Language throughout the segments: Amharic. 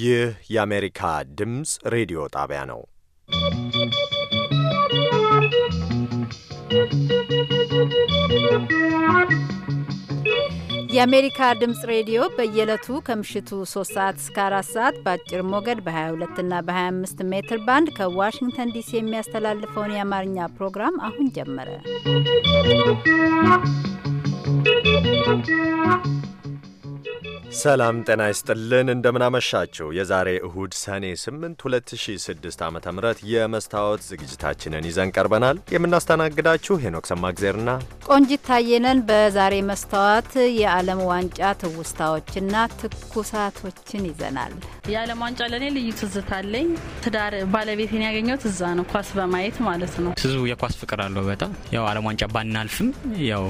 ይህ የአሜሪካ ድምፅ ሬዲዮ ጣቢያ ነው። የአሜሪካ ድምፅ ሬዲዮ በየዕለቱ ከምሽቱ 3 ሰዓት እስከ 4 ሰዓት በአጭር ሞገድ በ22 እና በ25 ሜትር ባንድ ከዋሽንግተን ዲሲ የሚያስተላልፈውን የአማርኛ ፕሮግራም አሁን ጀመረ። ሰላም ጤና ይስጥልን። እንደምናመሻችው የዛሬ እሁድ ሰኔ 8 2006 ዓ ም የመስታወት ዝግጅታችንን ይዘን ቀርበናል። የምናስተናግዳችሁ ሄኖክ ሰማግዜርና ቆንጂት ታየነን። በዛሬ መስታወት የዓለም ዋንጫ ትውስታዎችና ትኩሳቶችን ይዘናል። የዓለም ዋንጫ ለእኔ ልዩ ትዝታ አለኝ። ትዳር ባለቤቴን ያገኘው ትዛ ነው፣ ኳስ በማየት ማለት ነው። ህዝቡ የኳስ ፍቅር አለው በጣም ያው ዓለም ዋንጫ ባናልፍም ያው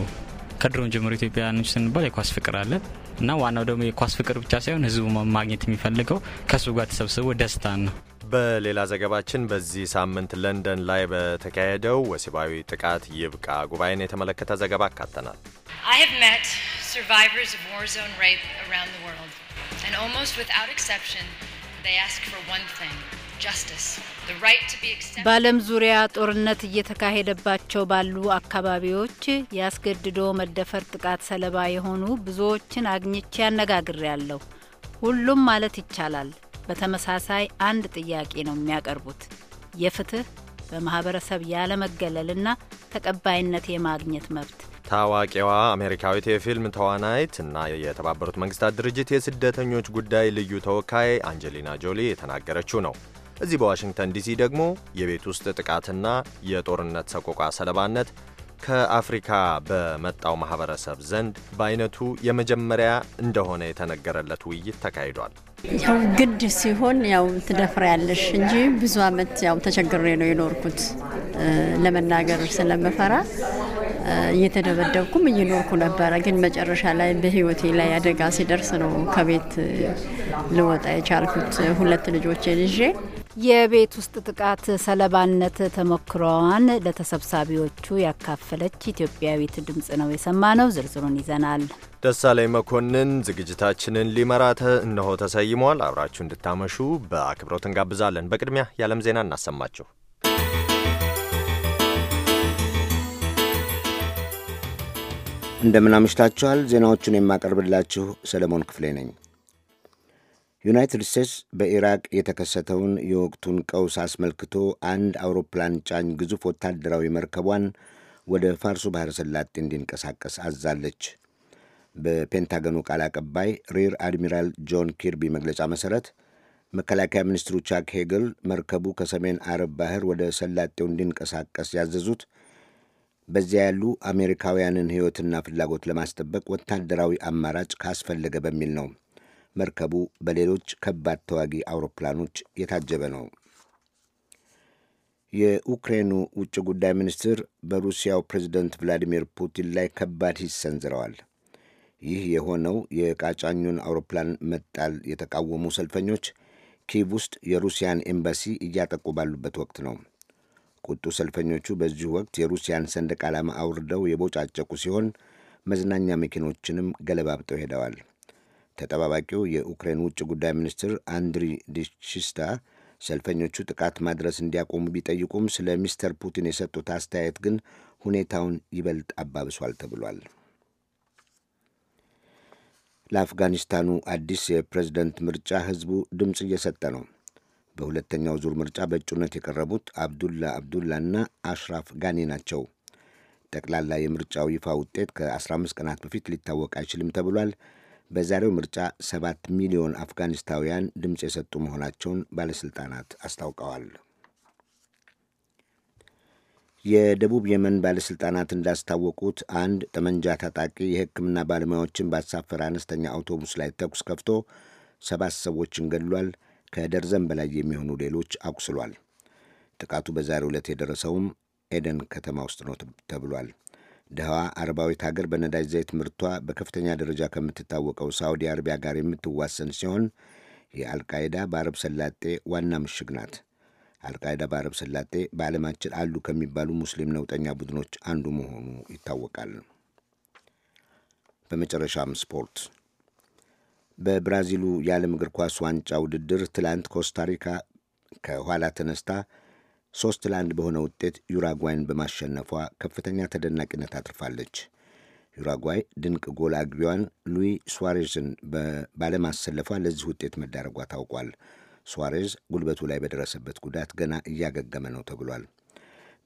ከድሮን ጀምሮ ኢትዮጵያውያኖች ስንባል የኳስ ፍቅር አለ እና ዋናው ደግሞ የኳስ ፍቅር ብቻ ሳይሆን ህዝቡ ማግኘት የሚፈልገው ከእሱ ጋር ተሰብስቦ ደስታን ነው። በሌላ ዘገባችን በዚህ ሳምንት ለንደን ላይ በተካሄደው ወሲባዊ ጥቃት ይብቃ ጉባኤን የተመለከተ ዘገባ አካተናል። I በዓለም ዙሪያ ጦርነት እየተካሄደባቸው ባሉ አካባቢዎች ያስገድዶ መደፈር ጥቃት ሰለባ የሆኑ ብዙዎችን አግኝቼ አነጋግሬያለሁ። ሁሉም ማለት ይቻላል በተመሳሳይ አንድ ጥያቄ ነው የሚያቀርቡት የፍትህ በማህበረሰብ ያለመገለልና ተቀባይነት የማግኘት መብት። ታዋቂዋ አሜሪካዊት የፊልም ተዋናይት እና የተባበሩት መንግስታት ድርጅት የስደተኞች ጉዳይ ልዩ ተወካይ አንጀሊና ጆሊ የተናገረችው ነው። እዚህ በዋሽንግተን ዲሲ ደግሞ የቤት ውስጥ ጥቃትና የጦርነት ሰቆቋ ሰለባነት ከአፍሪካ በመጣው ማህበረሰብ ዘንድ በአይነቱ የመጀመሪያ እንደሆነ የተነገረለት ውይይት ተካሂዷል። ያው ግድ ሲሆን ያው ትደፍሪያለሽ እንጂ ብዙ አመት ያው ተቸግሬ ነው የኖርኩት። ለመናገር ስለምፈራ እየተደበደብኩም እየኖርኩ ነበረ። ግን መጨረሻ ላይ በህይወቴ ላይ አደጋ ሲደርስ ነው ከቤት ልወጣ የቻልኩት ሁለት ልጆቼን ይዤ የቤት ውስጥ ጥቃት ሰለባነት ተሞክሮዋን ለተሰብሳቢዎቹ ያካፈለች ኢትዮጵያዊት ድምጽ ነው የሰማነው። ዝርዝሩን ይዘናል። ደሳለኝ መኮንን ዝግጅታችንን ሊመራ እነሆ ተሰይሟል። አብራችሁ እንድታመሹ በአክብሮት እንጋብዛለን። በቅድሚያ የዓለም ዜና እናሰማችሁ። እንደምን አምሽታችኋል። ዜናዎቹን የማቀርብላችሁ ሰለሞን ክፍሌ ነኝ። ዩናይትድ ስቴትስ በኢራቅ የተከሰተውን የወቅቱን ቀውስ አስመልክቶ አንድ አውሮፕላን ጫኝ ግዙፍ ወታደራዊ መርከቧን ወደ ፋርሱ ባሕረ ሰላጤ እንዲንቀሳቀስ አዛለች። በፔንታገኑ ቃል አቀባይ ሪር አድሚራል ጆን ኪርቢ መግለጫ መሠረት መከላከያ ሚኒስትሩ ቻክ ሄግል መርከቡ ከሰሜን አረብ ባህር ወደ ሰላጤው እንዲንቀሳቀስ ያዘዙት በዚያ ያሉ አሜሪካውያንን ሕይወትና ፍላጎት ለማስጠበቅ ወታደራዊ አማራጭ ካስፈለገ በሚል ነው። መርከቡ በሌሎች ከባድ ተዋጊ አውሮፕላኖች የታጀበ ነው። የዩክሬኑ ውጭ ጉዳይ ሚኒስትር በሩሲያው ፕሬዚደንት ቭላዲሚር ፑቲን ላይ ከባድ ሂስ ሰንዝረዋል። ይህ የሆነው የቃጫኙን አውሮፕላን መጣል የተቃወሙ ሰልፈኞች ኪቭ ውስጥ የሩሲያን ኤምባሲ እያጠቁ ባሉበት ወቅት ነው። ቁጡ ሰልፈኞቹ በዚሁ ወቅት የሩሲያን ሰንደቅ ዓላማ አውርደው የቦጫጨቁ ሲሆን መዝናኛ መኪኖችንም ገለባብጠው ሄደዋል። ተጠባባቂው የዩክሬን ውጭ ጉዳይ ሚኒስትር አንድሪ ዲሺስታ ሰልፈኞቹ ጥቃት ማድረስ እንዲያቆሙ ቢጠይቁም ስለ ሚስተር ፑቲን የሰጡት አስተያየት ግን ሁኔታውን ይበልጥ አባብሷል ተብሏል። ለአፍጋኒስታኑ አዲስ የፕሬዝደንት ምርጫ ህዝቡ ድምፅ እየሰጠ ነው። በሁለተኛው ዙር ምርጫ በእጩነት የቀረቡት አብዱላ አብዱላና አሽራፍ ጋኒ ናቸው። ጠቅላላ የምርጫው ይፋ ውጤት ከ15 ቀናት በፊት ሊታወቅ አይችልም ተብሏል። በዛሬው ምርጫ ሰባት ሚሊዮን አፍጋኒስታውያን ድምፅ የሰጡ መሆናቸውን ባለሥልጣናት አስታውቀዋል። የደቡብ የመን ባለሥልጣናት እንዳስታወቁት አንድ ጠመንጃ ታጣቂ የሕክምና ባለሙያዎችን ባሳፈረ አነስተኛ አውቶቡስ ላይ ተኩስ ከፍቶ ሰባት ሰዎችን ገድሏል። ከደርዘን በላይ የሚሆኑ ሌሎች አቁስሏል። ጥቃቱ በዛሬ ዕለት የደረሰውም ኤደን ከተማ ውስጥ ነው ተብሏል። ድሃዋ አረባዊት ሀገር በነዳጅ ዘይት ምርቷ በከፍተኛ ደረጃ ከምትታወቀው ሳዑዲ አረቢያ ጋር የምትዋሰን ሲሆን የአልቃይዳ በአረብ ሰላጤ ዋና ምሽግ ናት። አልቃይዳ በአረብ ሰላጤ በዓለማችን አሉ ከሚባሉ ሙስሊም ነውጠኛ ቡድኖች አንዱ መሆኑ ይታወቃል። በመጨረሻም ስፖርት። በብራዚሉ የዓለም እግር ኳስ ዋንጫ ውድድር ትላንት ኮስታሪካ ከኋላ ተነስታ ሶስት ለአንድ በሆነ ውጤት ዩራጓይን በማሸነፏ ከፍተኛ ተደናቂነት አትርፋለች። ዩራጓይ ድንቅ ጎል አግቢዋን ሉዊ ሱዋሬዝን ባለማሰለፏ ለዚህ ውጤት መዳረጓ ታውቋል። ሱዋሬዝ ጉልበቱ ላይ በደረሰበት ጉዳት ገና እያገገመ ነው ተብሏል።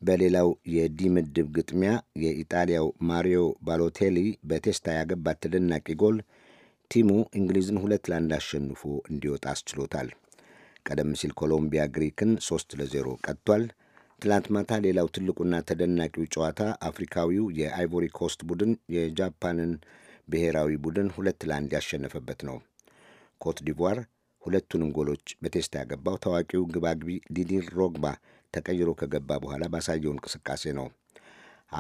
በሌላው የዲ ምድብ ግጥሚያ የኢጣሊያው ማሪዮ ባሎቴሊ በቴስታ ያገባት ተደናቂ ጎል ቲሙ እንግሊዝን ሁለት ለአንድ አሸንፎ እንዲወጣ አስችሎታል። ቀደም ሲል ኮሎምቢያ ግሪክን 3 ለዜሮ ቀጥቷል። ትላንት ማታ ሌላው ትልቁና ተደናቂው ጨዋታ አፍሪካዊው የአይቮሪ ኮስት ቡድን የጃፓንን ብሔራዊ ቡድን ሁለት ለአንድ ያሸነፈበት ነው። ኮት ዲቯር ሁለቱንም ጎሎች በቴስታ ያገባው ታዋቂው ግባግቢ ዲዲር ሮግባ ተቀይሮ ከገባ በኋላ ባሳየው እንቅስቃሴ ነው።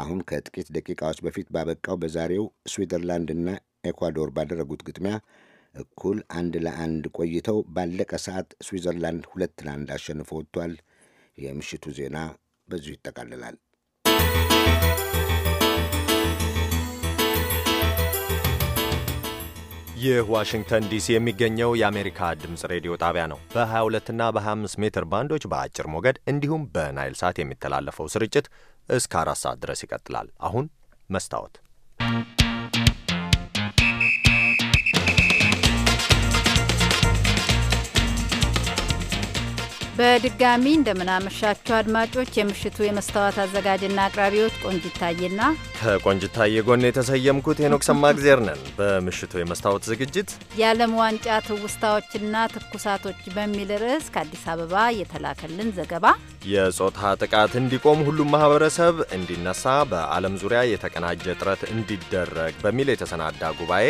አሁን ከጥቂት ደቂቃዎች በፊት ባበቃው በዛሬው ስዊዘርላንድና ኤኳዶር ባደረጉት ግጥሚያ እኩል አንድ ለአንድ ቆይተው ባለቀ ሰዓት ስዊዘርላንድ ሁለት ለአንድ አሸንፎ ወጥቷል። የምሽቱ ዜና በዚሁ ይጠቃልላል። ይህ ዋሽንግተን ዲሲ የሚገኘው የአሜሪካ ድምፅ ሬዲዮ ጣቢያ ነው። 22 እና በ25 ሜትር ባንዶች በአጭር ሞገድ እንዲሁም በናይል ሳት የሚተላለፈው ስርጭት እስከ አራት ሰዓት ድረስ ይቀጥላል። አሁን መስታወት በድጋሚ እንደምናመሻችሁ አድማጮች፣ የምሽቱ የመስታወት አዘጋጅና አቅራቢዎች ቆንጅታዬና ከቆንጅታዬ ጎን የተሰየምኩት ሄኖክ ሰማእግዜር ነን። በምሽቱ የመስታወት ዝግጅት የዓለም ዋንጫ ትውስታዎችና ትኩሳቶች በሚል ርዕስ ከአዲስ አበባ የተላከልን ዘገባ የጾታ ጥቃት እንዲቆም ሁሉም ማህበረሰብ እንዲነሳ በዓለም ዙሪያ የተቀናጀ ጥረት እንዲደረግ በሚል የተሰናዳ ጉባኤ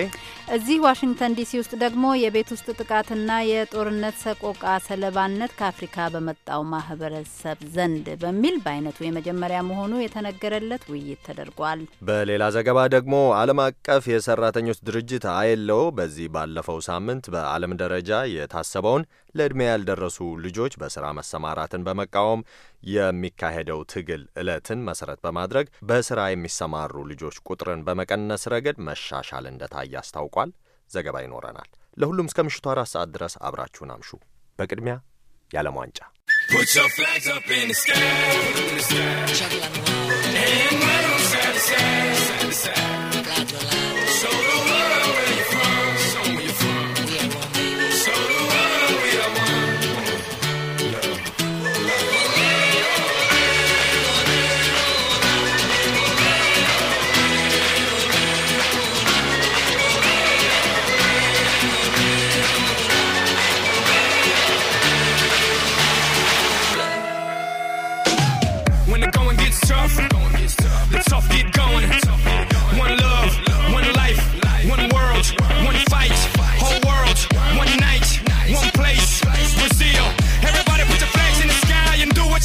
እዚህ ዋሽንግተን ዲሲ ውስጥ ደግሞ የቤት ውስጥ ጥቃትና የጦርነት ሰቆቃ ሰለባነት ከአፍሪካ በመጣው ማህበረሰብ ዘንድ በሚል በአይነቱ የመጀመሪያ መሆኑ የተነገረለት ውይይት ተደርጓል። በሌላ ዘገባ ደግሞ ዓለም አቀፍ የሰራተኞች ድርጅት አይሎ በዚህ ባለፈው ሳምንት በዓለም ደረጃ የታሰበውን ለዕድሜ ያልደረሱ ልጆች በስራ መሰማራትን በመቃወም እንዲሁም የሚካሄደው ትግል ዕለትን መሰረት በማድረግ በስራ የሚሰማሩ ልጆች ቁጥርን በመቀነስ ረገድ መሻሻል እንደታየ አስታውቋል። ዘገባ ይኖረናል። ለሁሉም እስከ ምሽቱ አራት ሰዓት ድረስ አብራችሁን አምሹ። በቅድሚያ የዓለም ዋንጫ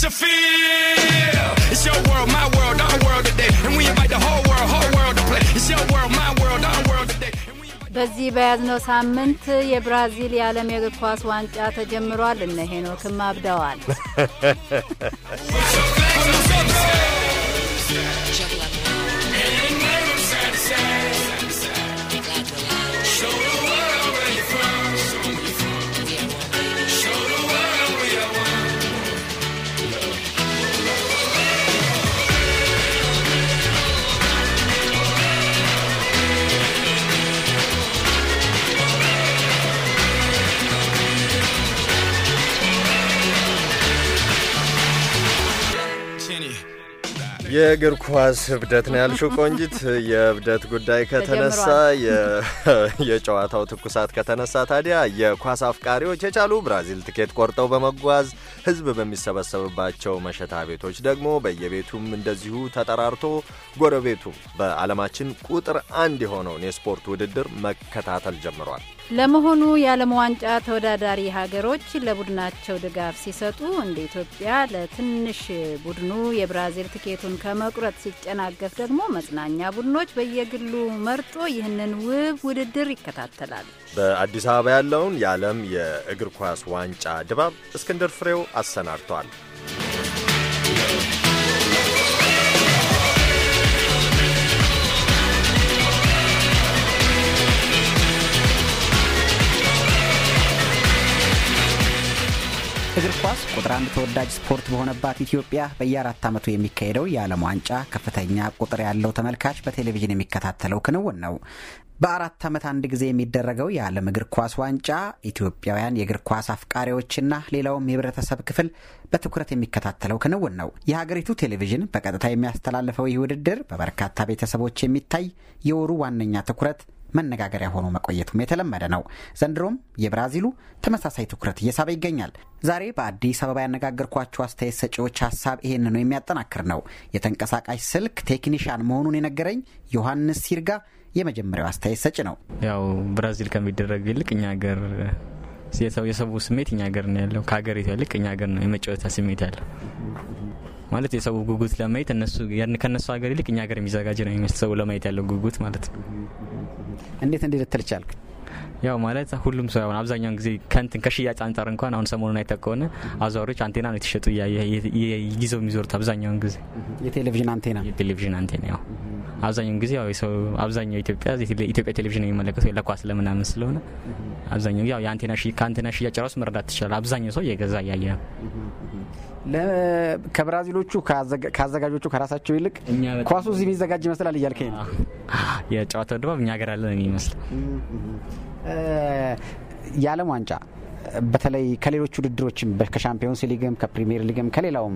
you feel. It's your world, my world, our world today. And we invite the whole world, whole world to play. It's your world, my world, our world today. በዚህ በያዝነው ሳምንት የብራዚል የዓለም የእግር ኳስ ዋንጫ ተጀምሯል። እነ ሄኖክም አብደዋል። የእግር ኳስ እብደት ነው ያልሽው ቆንጂት። የእብደት ጉዳይ ከተነሳ የጨዋታው ትኩሳት ከተነሳ ታዲያ የኳስ አፍቃሪዎች የቻሉ ብራዚል ትኬት ቆርጠው በመጓዝ ሕዝብ በሚሰበሰብባቸው መሸታ ቤቶች ደግሞ በየቤቱም እንደዚሁ ተጠራርቶ ጎረቤቱ በዓለማችን ቁጥር አንድ የሆነውን የስፖርት ውድድር መከታተል ጀምሯል። ለመሆኑ የዓለም ዋንጫ ተወዳዳሪ ሀገሮች ለቡድናቸው ድጋፍ ሲሰጡ እንደ ኢትዮጵያ ለትንሽ ቡድኑ የብራዚል ትኬቱን ከመቁረጥ ሲጨናገፍ ደግሞ መጽናኛ ቡድኖች በየግሉ መርጦ ይህንን ውብ ውድድር ይከታተላል። በአዲስ አበባ ያለውን የዓለም የእግር ኳስ ዋንጫ ድባብ እስክንድር ፍሬው አሰናድቷል። እግር ኳስ ቁጥር አንድ ተወዳጅ ስፖርት በሆነባት ኢትዮጵያ በየአራት ዓመቱ የሚካሄደው የዓለም ዋንጫ ከፍተኛ ቁጥር ያለው ተመልካች በቴሌቪዥን የሚከታተለው ክንውን ነው። በአራት ዓመት አንድ ጊዜ የሚደረገው የዓለም እግር ኳስ ዋንጫ ኢትዮጵያውያን የእግር ኳስ አፍቃሪዎችና ሌላውም የህብረተሰብ ክፍል በትኩረት የሚከታተለው ክንውን ነው። የሀገሪቱ ቴሌቪዥን በቀጥታ የሚያስተላልፈው ይህ ውድድር በበርካታ ቤተሰቦች የሚታይ የወሩ ዋነኛ ትኩረት መነጋገሪያ ሆኖ መቆየቱም የተለመደ ነው። ዘንድሮም የብራዚሉ ተመሳሳይ ትኩረት እየሳበ ይገኛል። ዛሬ በአዲስ አበባ ያነጋገርኳቸው አስተያየት ሰጪዎች ሀሳብ ይሄን ነው የሚያጠናክር ነው። የተንቀሳቃሽ ስልክ ቴክኒሽያን መሆኑን የነገረኝ ዮሐንስ ሲርጋ የመጀመሪያው አስተያየት ሰጪ ነው። ያው ብራዚል ከሚደረግ ይልቅ እኛ ሀገር የሰው ስሜት እኛ ሀገር ነው ያለው። ከሀገሪቷ ይልቅ እኛ ሀገር ነው የመጫወታ ስሜት ያለው ማለት የሰው ጉጉት ለማየት ከእነሱ ሀገር ይልቅ እኛ ሀገር የሚዘጋጅ ነው የሚመስል ሰው ለማየት ያለው ጉጉት ማለት ነው። እንዴት እንዲህ ልትል ቻልክ? ያው ማለት ሁሉም ሰው ሆን አብዛኛውን ጊዜ ከንትን ከሽያጭ አንጻር እንኳን አሁን ሰሞኑን አይተህ ከሆነ አዘዋሪዎች አንቴና ነው የተሸጡ ይዘው የሚዞሩት አብዛኛውን ጊዜ የቴሌቪዥን አንቴና የቴሌቪዥን አንቴና ያው አብዛኛውን ጊዜ ያው ሰው አብዛኛው ኢትዮጵያ ኢትዮጵያ ቴሌቪዥን የሚመለከተው ለኳስ ለምናምን ስለሆነ አብዛኛው ያው የአንቴና ከአንቴና ሽያጭ ራሱ መረዳት ትችላል አብዛኛው ሰው እየገዛ እያየ ነው። ከብራዚሎቹ ከአዘጋጆቹ ከራሳቸው ይልቅ ኳሱ እዚህ የሚዘጋጅ ይመስላል እያልከኝ ነው። የጨዋታው ድባብ እኛ ሀገር ያለ ነው የሚመስለው። የዓለም ዋንጫ በተለይ ከሌሎች ውድድሮችም ከሻምፒዮንስ ሊግም ከፕሪሚየር ሊግም ከሌላውም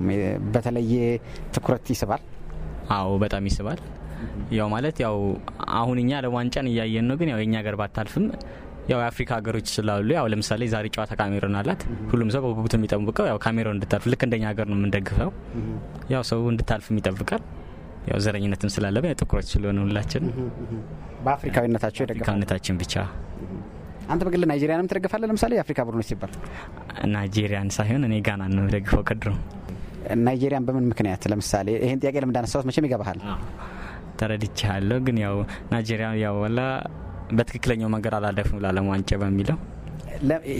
በተለየ ትኩረት ይስባል። አዎ በጣም ይስባል። ያው ማለት ያው አሁን እኛ ለዋንጫን እያየን ነው። ግን ያው የእኛ ሀገር ባታልፍም ያው የአፍሪካ ሀገሮች ስላሉ ያው ለምሳሌ ዛሬ ጨዋታ ካሜሮን አላት። ሁሉም ሰው በጉጉት የሚጠብቀው ያው ካሜሮን እንድታልፍ ልክ እንደኛ ሀገር ነው የምንደግፈው። ያው ሰው እንድታልፍም ይጠብቃል። ያው ዘረኝነትም ስላለበ ጥቁሮች ስለሆነ ሁላችን በአፍሪካዊነታቸው ብቻ አንተ በግል ናይጄሪያንም ትደግፋለህ? ለምሳሌ የአፍሪካ ቡድኖች ሲባል ናይጄሪያን ሳይሆን እኔ ጋና ነው ደግፈው ከድሮ ናይጄሪያን በምን ምክንያት? ለምሳሌ ይህን ጥያቄ ለምን እንዳነሳሁት መቼም ይገባሃል ተረድቻለሁ። ግን ያው ናይጄሪያ ያው ወላ በትክክለኛው መንገድ አላለፍም ለዓለም ዋንጫ በሚለው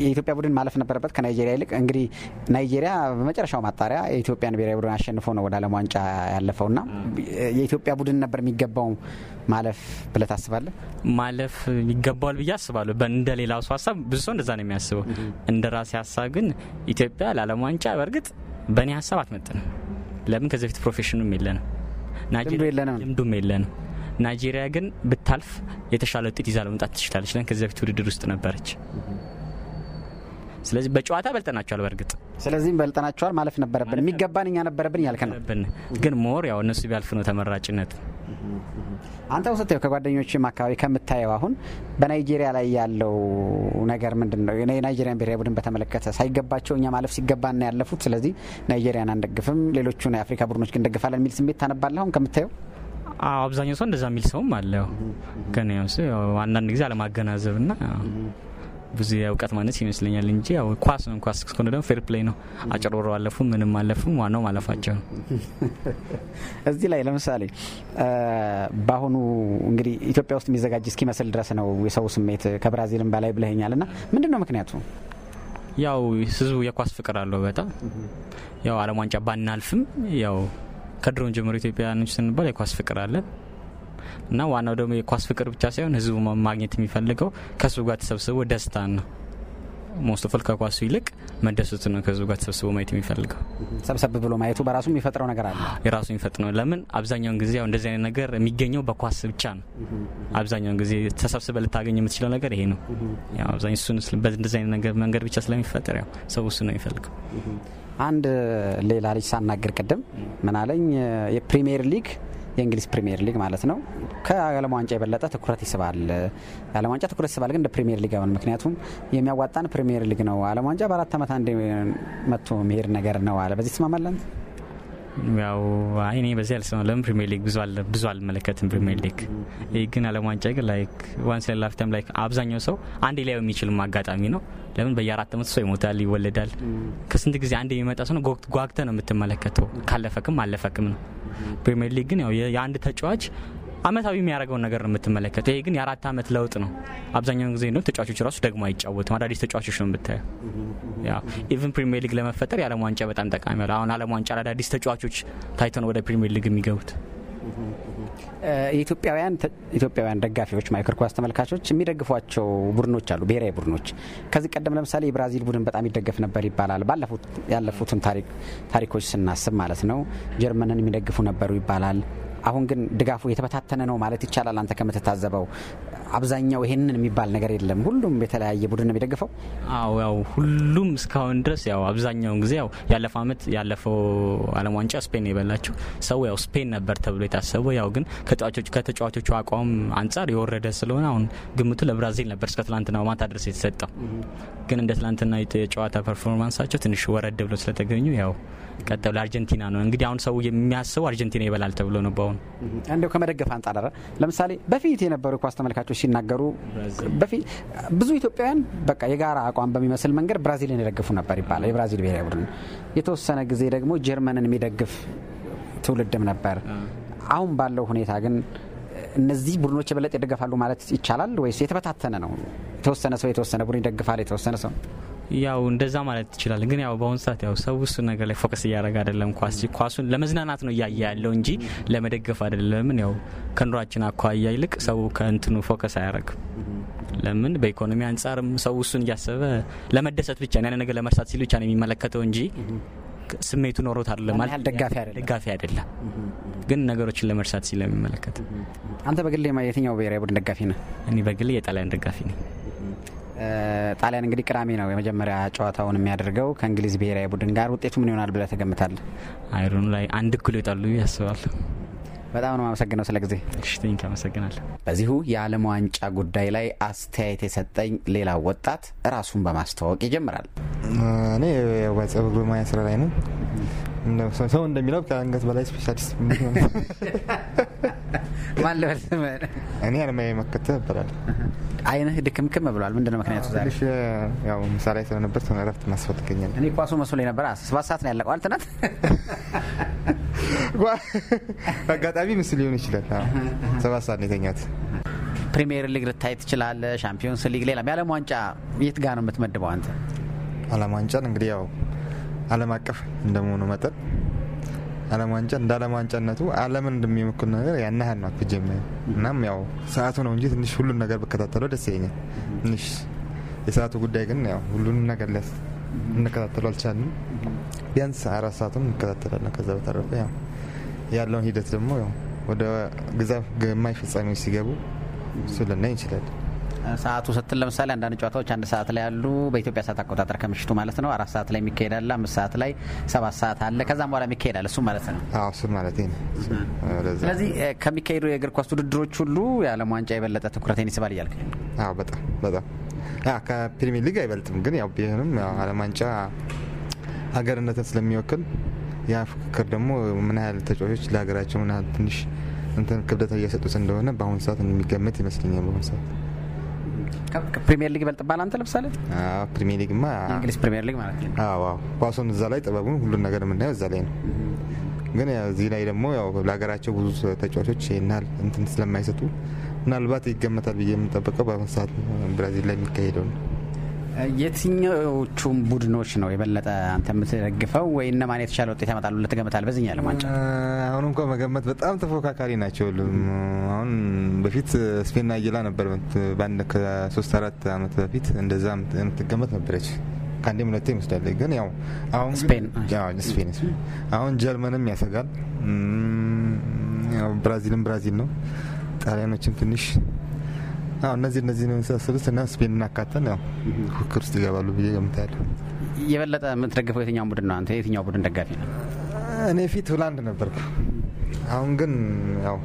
የኢትዮጵያ ቡድን ማለፍ ነበረበት ከናይጄሪያ ይልቅ። እንግዲህ ናይጄሪያ በመጨረሻው ማጣሪያ የኢትዮጵያን ብሔራዊ ቡድን አሸንፎ ነው ወደ ዓለም ዋንጫ ያለፈውና የኢትዮጵያ ቡድን ነበር የሚገባው ማለፍ ብለህ ታስባለህ? ማለፍ ይገባዋል ብዬ አስባለሁ። እንደ ሌላው ሰው ሀሳብ ብዙ ሰው እንደዛ ነው የሚያስበው። እንደ ራሴ ሀሳብ ግን ኢትዮጵያ ለዓለም ዋንጫ በእርግጥ በእኔ ሀሳብ አትመጥንም። ለምን ከዚህ በፊት ፕሮፌሽኑም የለንም፣ ልምዱም የለንም። ናይጄሪያ ግን ብታልፍ የተሻለ ውጤት ይዛ ለመምጣት ትችላለች። ለምን ከዚህ በፊት ውድድር ውስጥ ነበረች። ስለዚህ በጨዋታ በልጠናቸዋል። በእርግጥ ስለዚህም በልጠናቸዋል ማለፍ ነበረብን። የሚገባን እኛ ነበረብን እያልክ ነው። ግን ሞር ያው እነሱ ቢያልፍ ነው ተመራጭነት አንተ ውስጥ ከጓደኞችም አካባቢ ከምታየው አሁን በናይጄሪያ ላይ ያለው ነገር ምንድን ነው? የናይጄሪያን ብሔራዊ ቡድን በተመለከተ ሳይገባቸው እኛ ማለፍ ሲገባና ያለፉት፣ ስለዚህ ናይጄሪያን አንደግፍም፣ ሌሎቹን የአፍሪካ ቡድኖች ግን ደግፋለን የሚል ስሜት ታነባለህ አሁን ከምታየው? አብዛኛው ሰው እንደዛ የሚል ሰውም አለው። ግን ያው አንዳንድ ጊዜ ና ብዙ የእውቀት ማነስ ይመስለኛል እንጂ ያው ኳስ ነው። ኳስ እስከሆነ ደግሞ ፌር ፕሌይ ነው። አጭሮሮ አለፉ ምንም አለፉም፣ ዋናው ማለፋቸው ነው። እዚህ ላይ ለምሳሌ በአሁኑ እንግዲህ ኢትዮጵያ ውስጥ የሚዘጋጅ እስኪመስል ድረስ ነው የሰው ስሜት ከብራዚልም በላይ ብለኸኛል። እና ምንድን ነው ምክንያቱ? ያው ህዝቡ የኳስ ፍቅር አለው በጣም ያው አለም ዋንጫ ባናልፍም ያው ከድሮን ጀምሮ ኢትዮጵያውያኖች ስንባል የኳስ ፍቅር አለ። እና ዋናው ደግሞ የኳስ ፍቅር ብቻ ሳይሆን ህዝቡ ማግኘት የሚፈልገው ከሱ ጋር ተሰብስቦ ደስታን ነው። ሞስቶፈል ከኳሱ ይልቅ መደሰቱ ነው ከህዝቡ ጋር ተሰብስቦ ማየት የሚፈልገው። ሰብሰብ ብሎ ማየቱ በራሱ የሚፈጥረው ነገር አለ። የራሱ የሚፈጥ ነው። ለምን አብዛኛውን ጊዜ እንደዚህ አይነት ነገር የሚገኘው በኳስ ብቻ ነው። አብዛኛውን ጊዜ ተሰብስበ ልታገኝ የምትችለው ነገር ይሄ ነው። ያው አብዛኛው እሱን በእንደዚህ አይነት ነገር መንገድ ብቻ ስለሚፈጥር ያው ሰው እሱ ነው የሚፈልገው። አንድ ሌላ ልጅ ሳናገር ቅድም ምናለኝ የፕሪምየር የፕሪሚየር ሊግ የእንግሊዝ ፕሪምየር ሊግ ማለት ነው። ከዓለም ዋንጫ የበለጠ ትኩረት ይስባል። ዓለም ዋንጫ ትኩረት ይስባል፣ ግን እንደ ሊግ አሁን ምክንያቱም የሚያዋጣን ፕሪምየር ሊግ ነው። ዓለም ዋንጫ በአራት ዓመት አንድ መጥቶ መሄድ ነገር ነው አለ። በዚህ ትስማማለን? ያው አይ እኔ በዚህ አልሰማ ለምን ፕሪሚየር ሊግ ብዙ አልመለከትም። ፕሪሚየር ሊግ ግን ዓለም ዋንጫ ግን ላይክ ዋንስ ኢን ታይም ላይክ አብዛኛው ሰው አንዴ ላይ የሚችል አጋጣሚ ነው። ለምን በየአራት አመቱ ሰው ይሞታል፣ ይወለዳል። ከስንት ጊዜ አንድ የሚመጣ ሰው ነው። ጓግተ ነው የምትመለከተው። ካለፈክም አለፈክም ነው። ፕሪሚየር ሊግ ግን ያው የአንድ ተጫዋች አመታዊ የሚያደርገውን ነገር ነው የምትመለከተው። ይሄ ግን የአራት ዓመት ለውጥ ነው። አብዛኛውን ጊዜ ነው ተጫዋቾች ራሱ ደግሞ አይጫወትም። አዳዲስ ተጫዋቾች ነው የምታየው። ኢቨን ፕሪሚየር ሊግ ለመፈጠር የዓለም ዋንጫ በጣም ጠቃሚ ነው። አሁን አለም ዋንጫ አዳዲስ ተጫዋቾች ታይቶ ነው ወደ ፕሪሚየር ሊግ የሚገቡት። የኢትዮጵያውያን ኢትዮጵያውያን ደጋፊዎች ማይክር ኳስ ተመልካቾች የሚደግፏቸው ቡድኖች አሉ፣ ብሔራዊ ቡድኖች። ከዚህ ቀደም ለምሳሌ የብራዚል ቡድን በጣም ይደገፍ ነበር ይባላል። ባለፉት ያለፉትን ታሪኮች ስናስብ ማለት ነው። ጀርመንን የሚደግፉ ነበሩ ይባላል። አሁን ግን ድጋፉ የተበታተነ ነው ማለት ይቻላል። አንተ ከምትታዘበው አብዛኛው ይሄንን የሚባል ነገር የለም። ሁሉም የተለያየ ቡድን ነው የሚደግፈው። አዎ ያው ሁሉም እስካሁን ድረስ ያው አብዛኛውን ጊዜ ያው ያለፈው አመት ያለፈው ዓለም ዋንጫ ስፔን የበላቸው ሰው ያው ስፔን ነበር ተብሎ የታሰበው ያው ግን ከተጫዋቾቹ አቋም አንጻር የወረደ ስለሆነ አሁን ግምቱ ለብራዚል ነበር እስከ ትላንትና ማታ ድረስ የተሰጠው። ግን እንደ ትላንትና የጨዋታ ፐርፎርማንሳቸው ትንሽ ወረድ ብሎ ስለተገኙ ያው ቀጥሎ አርጀንቲና ነው። እንግዲህ አሁን ሰው የሚያስበው አርጀንቲና ይበላል ተብሎ ነው። በአሁኑ እንደው ከመደገፍ አንጻር ለምሳሌ በፊት የነበሩ ኳስ ተመልካቾች ሲናገሩ በፊት ብዙ ኢትዮጵያውያን በቃ የጋራ አቋም በሚመስል መንገድ ብራዚልን የደግፉ ነበር ይባላል። የብራዚል ብሔራዊ ቡድን የተወሰነ ጊዜ ደግሞ ጀርመንን የሚደግፍ ትውልድም ነበር። አሁን ባለው ሁኔታ ግን እነዚህ ቡድኖች የበለጥ ይደገፋሉ ማለት ይቻላል ወይስ የተበታተነ ነው? የተወሰነ ሰው የተወሰነ ቡድን ይደግፋል፣ የተወሰነ ሰው ያው እንደዛ ማለት ትችላል። ግን ያው በአሁኑ ሰዓት ያው ሰው እሱ ነገር ላይ ፎከስ እያደረገ አይደለም። ኳስ ኳሱን ለመዝናናት ነው እያየ ያለው እንጂ ለመደገፍ አይደለምን። ያው ከኑሯችን አኳያ ይልቅ ሰው ከእንትኑ ፎከስ አያደረግም። ለምን በኢኮኖሚ አንጻርም ሰው እሱን እያሰበ ለመደሰት ብቻ ያን ነገር ለመርሳት ሲል ብቻ ነው የሚመለከተው እንጂ ስሜቱ ኖሮት አይደለም ማለት ደጋፊ አይደለም። ግን ነገሮችን ለመርሳት ሲል የሚመለከት። አንተ በግል የትኛው ብሔራዊ ቡድን ደጋፊ ነህ? እኔ በግል የጣሊያን ደጋፊ ነኝ። ጣሊያን እንግዲህ ቅዳሜ ነው የመጀመሪያ ጨዋታውን የሚያደርገው ከእንግሊዝ ብሔራዊ ቡድን ጋር። ውጤቱ ምን ይሆናል ብለህ ተገምታል? አይሮኑ ላይ አንድ እኩል ይወጣሉ ያስባል። በጣም ነው አመሰግነው ስለ ጊዜ ሽኝ አመሰግናለሁ። በዚሁ የዓለም ዋንጫ ጉዳይ ላይ አስተያየት የሰጠኝ ሌላ ወጣት ራሱን በማስተዋወቅ ይጀምራል። እኔ በጸጉር ማያ ስራ ላይ ነው። ሰው እንደሚለው ከአንገት በላይ ስፔሻሊስት ማለበል እኔ አለማያ መከተል እባላለሁ አይንህ ድክምክም ብሏል። ምንድነው ምክንያቱ? ትንሽ ያው ምሳሌ ስለነበር እረፍት ማስፈት ይገኛል። እኔ ኳሱ መስሎኝ ነበር። ሰባት ሰዓት ነው ያለቀው ትናንት። በአጋጣሚ ምስል ሊሆን ይችላል። ሰባት ሰዓት ነው የተኛት። ፕሪሚየር ሊግ ልታይ ትችላለ፣ ሻምፒዮንስ ሊግ፣ ሌላም የዓለም ዋንጫ የት ጋ ነው የምትመድበው አንተ? ዓለም ዋንጫን እንግዲህ ያው ዓለም አቀፍ እንደመሆኑ መጠን ዓለም ዋንጫ እንደ ዓለም ዋንጫነቱ ዓለምን እንደሚመክል ነገር ያን ያህል ነው ጀመ እናም ያው ሰአቱ ነው እንጂ ትንሽ ሁሉን ነገር ብከታተለው ደስ ይለኛል። ትንሽ የሰአቱ ጉዳይ ግን ያው ሁሉን ነገር ሊያስ እንከታተሉ አልቻልንም። ቢያንስ አራት ሰዓቱን እንከታተላለን። ከዛ በተረፈ ያው ያለውን ሂደት ደግሞ ያው ወደ ግዛፍ ግማሽ ፍጻሜዎች ሲገቡ እሱ ልናይ እንችላለን። ሰዓቱ ስትል ለምሳሌ አንዳንድ ጨዋታዎች አንድ ሰዓት ላይ ያሉ በኢትዮጵያ ሰዓት አቆጣጠር ከምሽቱ ማለት ነው። አራት ሰዓት ላይ የሚካሄዳል፣ አምስት ሰዓት ላይ፣ ሰባት ሰዓት አለ። ከዛም በኋላ የሚካሄዳል አለ። እሱ ማለት ነው። አዎ እሱ ማለት ነው። ስለዚህ ከሚካሄዱ የእግር ኳስ ውድድሮች ሁሉ የዓለም ዋንጫ የበለጠ ትኩረቴን ይስባል እያልክ? አዎ በጣም በጣም ከፕሪሚየር ሊግ አይበልጥም፣ ግን ያው ቢሆንም ዓለም ዋንጫ ሀገርነትን ስለሚወክል ያ ፍክክር ደግሞ ምን ያህል ተጫዋቾች ለሀገራቸው ምን ያህል ትንሽ እንትን ክብደት እየሰጡት እንደሆነ በአሁኑ ሰዓት የሚገመት ይመስለኛል በአሁኑ ሰዓት ፕሪሚየር ሊግ ይበልጥባል። አንተ ለምሳሌ ፕሪሚየር ሊግ ማ እንግሊዝ ፕሪሚየር ሊግ ማለት ነው። አዎ ኳሱን እዛ ላይ ጥበቡን፣ ሁሉን ነገር የምናየው እዛ ላይ ነው። ግን እዚህ ላይ ደግሞ ያው ለሀገራቸው ብዙ ተጫዋቾች ይናል እንትን ስለማይሰጡ ምናልባት ይገመታል ብዬ የምንጠብቀው በአሁን ሰዓት ብራዚል ላይ የሚካሄደው ነው። የትኛዎቹም ቡድኖች ነው የበለጠ አንተ የምትደግፈው ወይ እነማን የተሻለ ውጤት ያመጣሉ ልትገምታል? በዚህኛ ዓለም ዋንጫ አሁን እንኳ መገመት በጣም ተፎካካሪ ናቸው። አሁን በፊት ስፔንና ጌላ ነበር በአንድ ከሶስት አራት አመት በፊት እንደዛ የምትገመት ነበረች። ከአንዴ ሁለቴ ይመስላለች። ግን ያው አሁን ስፔን አሁን ጀርመንም ያሰጋል። ብራዚልም ብራዚል ነው። ጣሊያኖችም ትንሽ እነዚህ እነዚህ ነው የመሳሰሉት እና ስፔን እናካተን ያው ፉክክር ውስጥ ይገባሉ ብዬ ገምታለሁ። የበለጠ የምትደግፈው የትኛው ቡድን ነው አንተ? የትኛው ቡድን ደጋፊ ነው? እኔ ፊት ሆላንድ ነበርኩ። አሁን ግን ያው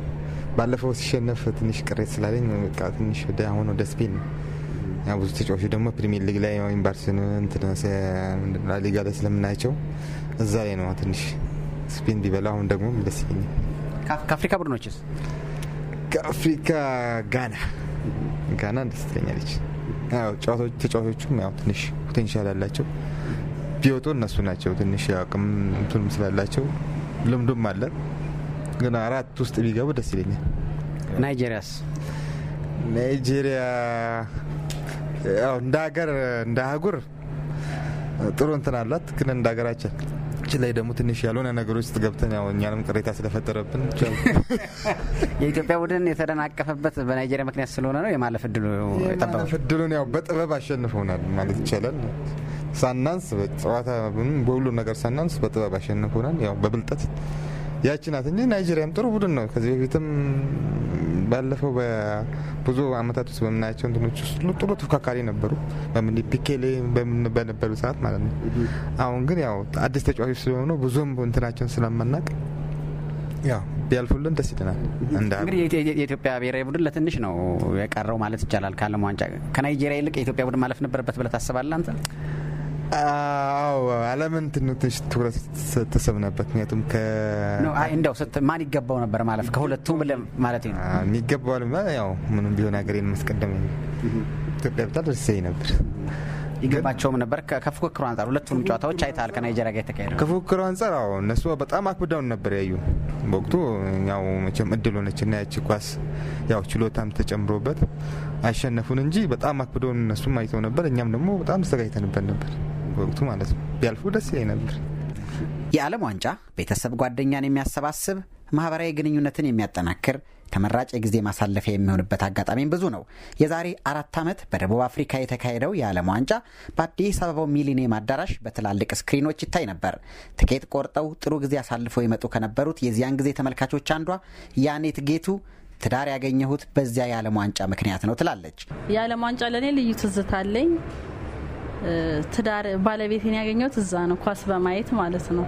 ባለፈው ሲሸነፍ ትንሽ ቅሬት ስላለኝ በቃ ትንሽ ወደ አሁን ወደ ስፔን ያው ብዙ ተጫዋቾች ደግሞ ፕሪሚየር ሊግ ላይ ወይም ኢምባርሲን ላሊጋ ላይ ስለምናያቸው እዛ ላይ ነው ትንሽ ስፔን ቢበላ አሁን ደግሞ ደስ ይለኛል። ከአፍሪካ ቡድኖችስ? ከአፍሪካ ጋና ጋና ደስ ትለኛለች። ተጫዋቾቹም ያው ትንሽ ፖቴንሻል አላቸው። ቢወጡ እነሱ ናቸው። ትንሽ አቅም እንትንም ስላላቸው ልምዱም አለ። ግን አራት ውስጥ ቢገቡ ደስ ይለኛል። ናይጄሪያስ ናይጄሪያ እንደ ሀገር እንደ አህጉር ጥሩ እንትን አላት፣ ግን እንደ ሀገራችን ውጭ ላይ ደግሞ ትንሽ ያልሆነ ነገሮች ውስጥ ገብተን ያው እኛንም ቅሬታ ስለፈጠረብን የኢትዮጵያ ቡድን የተደናቀፈበት በናይጄሪያ ምክንያት ስለሆነ ነው። የማለፍ እድሉ የጠበቁት እድሉን ያው በጥበብ አሸንፈውናል ማለት ይቻላል። ሳናንስ ጨዋታ በሁሉ ነገር ሳናንስ በጥበብ አሸንፈውናል ያው በብልጠት ናት እንጂ ናይጄሪያም ጥሩ ቡድን ነው። ከዚህ በፊትም ባለፈው በብዙ አመታት ውስጥ በምናያቸው እንትኖች ውስጥ ጥሩ ተፎካካሪ ነበሩ። በምን ፒኬሌ በነበሩ ሰዓት ማለት ነው። አሁን ግን ያው አዲስ ተጫዋቾች ስለሆኑ ብዙም እንትናቸውን ስለማናቅ ያው ቢያልፉልን ደስ ይለናል። እንግዲህ የኢትዮጵያ ብሔራዊ ቡድን ለትንሽ ነው የቀረው ማለት ይቻላል ከዓለም ዋንጫ። ከናይጄሪያ ይልቅ የኢትዮጵያ ቡድን ማለፍ ነበረበት ብለህ ታስባለህ አንተ? አዎ አለምን ትንሽ ትኩረት ስትስብ ነበር። ምክንያቱም እንደው ማን ይገባው ነበር ማለት ከሁለቱም ማለት ነው የሚገባው ያው ምንም ቢሆን ሀገሬን ማስቀደም ኢትዮጵያ ብታል ደስ ነበር። ይገባቸውም ነበር። ከፉክክሩ አንጻር ሁለቱንም ጨዋታዎች አይተሃል፣ ከናይጀሪያ ጋር የተካሄደ ከፉክክሩ አንጻር አዎ፣ እነሱ በጣም አክብዳውን ነበር ያዩ። በወቅቱ ያው መቼም እድል ሆነች እና ያቺ ኳስ ያው ችሎታም ተጨምሮበት አሸነፉን እንጂ በጣም አክብደውን እነሱም አይተው ነበር። እኛም ደግሞ በጣም ተዘጋጅተንበት ነበር። ወቅቱ ማለት ነው ቢያልፉ ደስ ይለኝ ነበር። የዓለም ዋንጫ ቤተሰብ ጓደኛን የሚያሰባስብ ማህበራዊ ግንኙነትን የሚያጠናክር ተመራጭ የጊዜ ማሳለፊያ የሚሆንበት አጋጣሚም ብዙ ነው። የዛሬ አራት ዓመት በደቡብ አፍሪካ የተካሄደው የዓለም ዋንጫ በአዲስ አበባው ሚሊኒየም አዳራሽ በትላልቅ ስክሪኖች ይታይ ነበር። ትኬት ቆርጠው ጥሩ ጊዜ አሳልፈው ይመጡ ከነበሩት የዚያን ጊዜ ተመልካቾች አንዷ ያኔት ጌቱ ትዳር ያገኘሁት በዚያ የዓለም ዋንጫ ምክንያት ነው ትላለች። የዓለም ዋንጫ ለእኔ ልዩ ትዝታለኝ። ትዳር ባለቤቴን ያገኘሁት እዛ ነው፣ ኳስ በማየት ማለት ነው።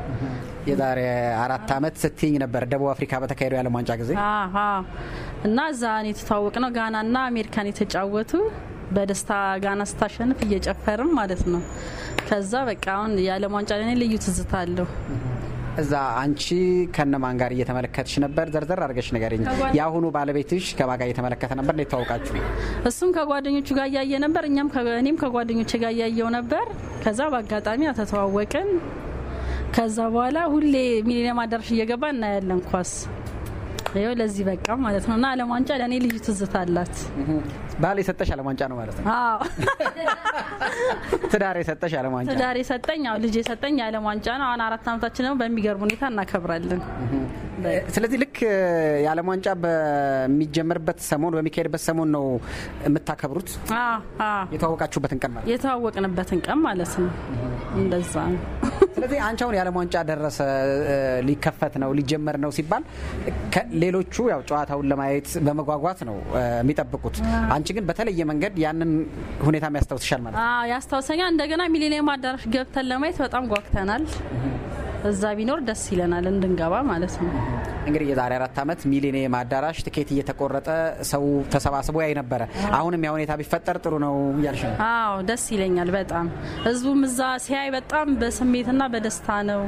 የዛሬ አራት አመት ስትኝ ነበር ደቡብ አፍሪካ በተካሄደው የዓለም ዋንጫ ጊዜ እና እዛ ነው የተተዋወቅ ነው። ና አሜሪካን የተጫወቱ በደስታ ጋና ስታሸንፍ እየጨፈርም ማለት ነው። ከዛ በቃ አሁን የዓለም ዋንጫ ልዩ ትዝታ አለው። እዛ አንቺ ከነማን ጋር እየተመለከትሽ ነበር? ዘርዘር አድርገሽ ንገሪኝ። የአሁኑ ባለቤትሽ ከማን ጋር እየተመለከተ ነበር? እንዴት ተዋወቃችሁ? እሱም ከጓደኞቹ ጋር እያየ ነበር፣ እኛም እኔም ከጓደኞቼ ጋር እያየው ነበር። ከዛ በአጋጣሚ ተተዋወቅን። ከዛ በኋላ ሁሌ ሚሊኒየም አዳራሽ እየገባ እናያለን ኳስ ይኸው ለዚህ በቃ ማለት ነው። እና ዓለም ዋንጫ ለእኔ ልዩ ትዝታ አላት። ባል የሰጠሽ ዓለም ዋንጫ ነው ማለት ነው። አዎ ትዳር የሰጠሽ ዓለም ዋንጫ ትዳር የሰጠኝ ልጅ የሰጠኝ የዓለም ዋንጫ ነው። አሁን አራት ዓመታችን ደግሞ በሚገርም ሁኔታ እናከብራለን። ስለዚህ ልክ የዓለም ዋንጫ በሚጀመርበት ሰሞን በሚካሄድበት ሰሞን ነው የምታከብሩት የተዋወቃችሁበትን ቀን ማለት የተዋወቅንበትን ቀን ማለት ነው። እንደዛ ነው። ስለዚህ አንቺ አሁን የዓለም ዋንጫ ደረሰ ሊከፈት ነው ሊጀመር ነው ሲባል ሌሎቹ ያው ጨዋታውን ለማየት በመጓጓት ነው የሚጠብቁት። አንቺ ግን በተለየ መንገድ ያንን ሁኔታ ያስታውስሻል ማለት ነው። ያስታውሰኛል። እንደገና ሚሊኒየም አዳራሽ ገብተን ለማየት በጣም ጓግተናል። እዛ ቢኖር ደስ ይለናል እንድንገባ ማለት ነው። እንግዲህ የዛሬ አራት ዓመት ሚሊኒየም አዳራሽ ትኬት እየተቆረጠ ሰው ተሰባስቦ ያይ ነበረ። አሁንም ያ ሁኔታ ቢፈጠር ጥሩ ነው እያልሽ ነው? አዎ ደስ ይለኛል በጣም ህዝቡም እዛ ሲያይ በጣም በስሜትና በደስታ ነው።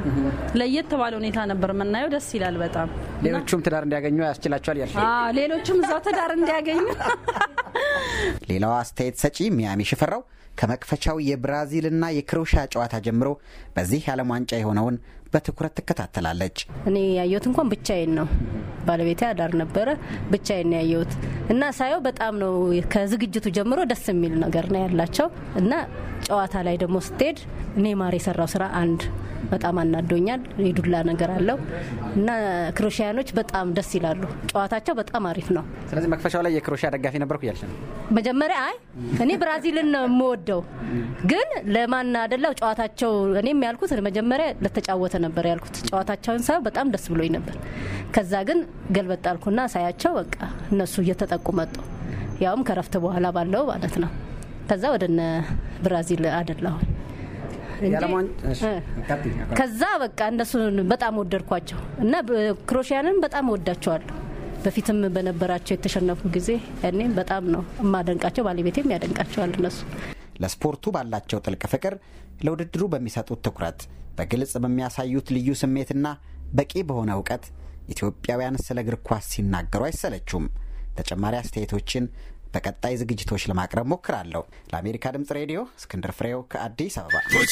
ለየት ባለ ሁኔታ ነበር የምናየው። ደስ ይላል በጣም ሌሎቹም ትዳር እንዲያገኙ ያስችላቸዋል እያልሽ ነው? ሌሎቹም እዛው ትዳር እንዲያገኙ። ሌላው አስተያየት ሰጪ ሚያሚ ሽፈራው ከመክፈቻው የብራዚልና የክሮሻ ጨዋታ ጀምሮ በዚህ የዓለም ዋንጫ የሆነውን በትኩረት ትከታተላለች። እኔ ያየሁት እንኳን ብቻዬን ነው። ባለቤቴ አዳር ነበረ፣ ብቻዬን ያየሁት እና ሳየው በጣም ነው ከዝግጅቱ ጀምሮ ደስ የሚል ነገር ነው ያላቸው እና ጨዋታ ላይ ደግሞ ስትሄድ ኔማር የሰራው ስራ አንድ በጣም አናዶኛል። የዱላ ነገር አለው እና ክሮሺያኖች በጣም ደስ ይላሉ። ጨዋታቸው በጣም አሪፍ ነው። ስለዚህ መክፈሻው ላይ የክሮሺያ ደጋፊ ነበርኩ እያልሽ ነው? መጀመሪያ አይ እኔ ብራዚልን ነው የምወደው፣ ግን ለማን አደላው ጨዋታቸው እኔም ያልኩት መጀመሪያ ለተጫወተ ነበር ያልኩት ጨዋታቸውን ሳይ በጣም ደስ ብሎኝ ነበር። ከዛ ግን ገልበጣልኩና ሳያቸው በቃ እነሱ እየተጠቁ መጡ። ያውም ከረፍት በኋላ ባለው ማለት ነው። ከዛ ወደነ ብራዚል አደላሁኝ። ከዛ በቃ እነሱን በጣም ወደድኳቸው እና ክሮሽያንን በጣም ወዳቸዋለሁ። በፊትም በነበራቸው የተሸነፉ ጊዜ እኔም በጣም ነው የማደንቃቸው፣ ባለቤቴም ያደንቃቸዋል። እነሱ ለስፖርቱ ባላቸው ጥልቅ ፍቅር፣ ለውድድሩ በሚሰጡት ትኩረት፣ በግልጽ በሚያሳዩት ልዩ ስሜትና በቂ በሆነ እውቀት ኢትዮጵያውያን ስለ እግር ኳስ ሲናገሩ አይሰለችውም። ተጨማሪ አስተያየቶችን በቀጣይ ዝግጅቶች ለማቅረብ ሞክራለሁ። ለአሜሪካ ድምጽ ሬዲዮ እስክንድር ፍሬው ከአዲስ አበባ።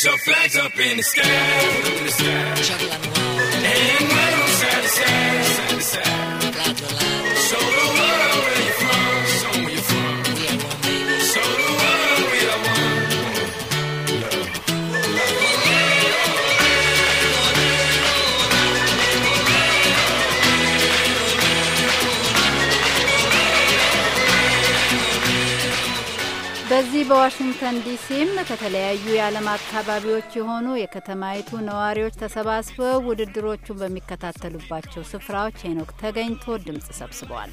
በዚህ በዋሽንግተን ዲሲም ከተለያዩ የዓለም አካባቢዎች የሆኑ የከተማይቱ ነዋሪዎች ተሰባስበው ውድድሮቹ በሚከታተሉባቸው ስፍራዎች ሄኖክ ተገኝቶ ድምፅ ሰብስበዋል።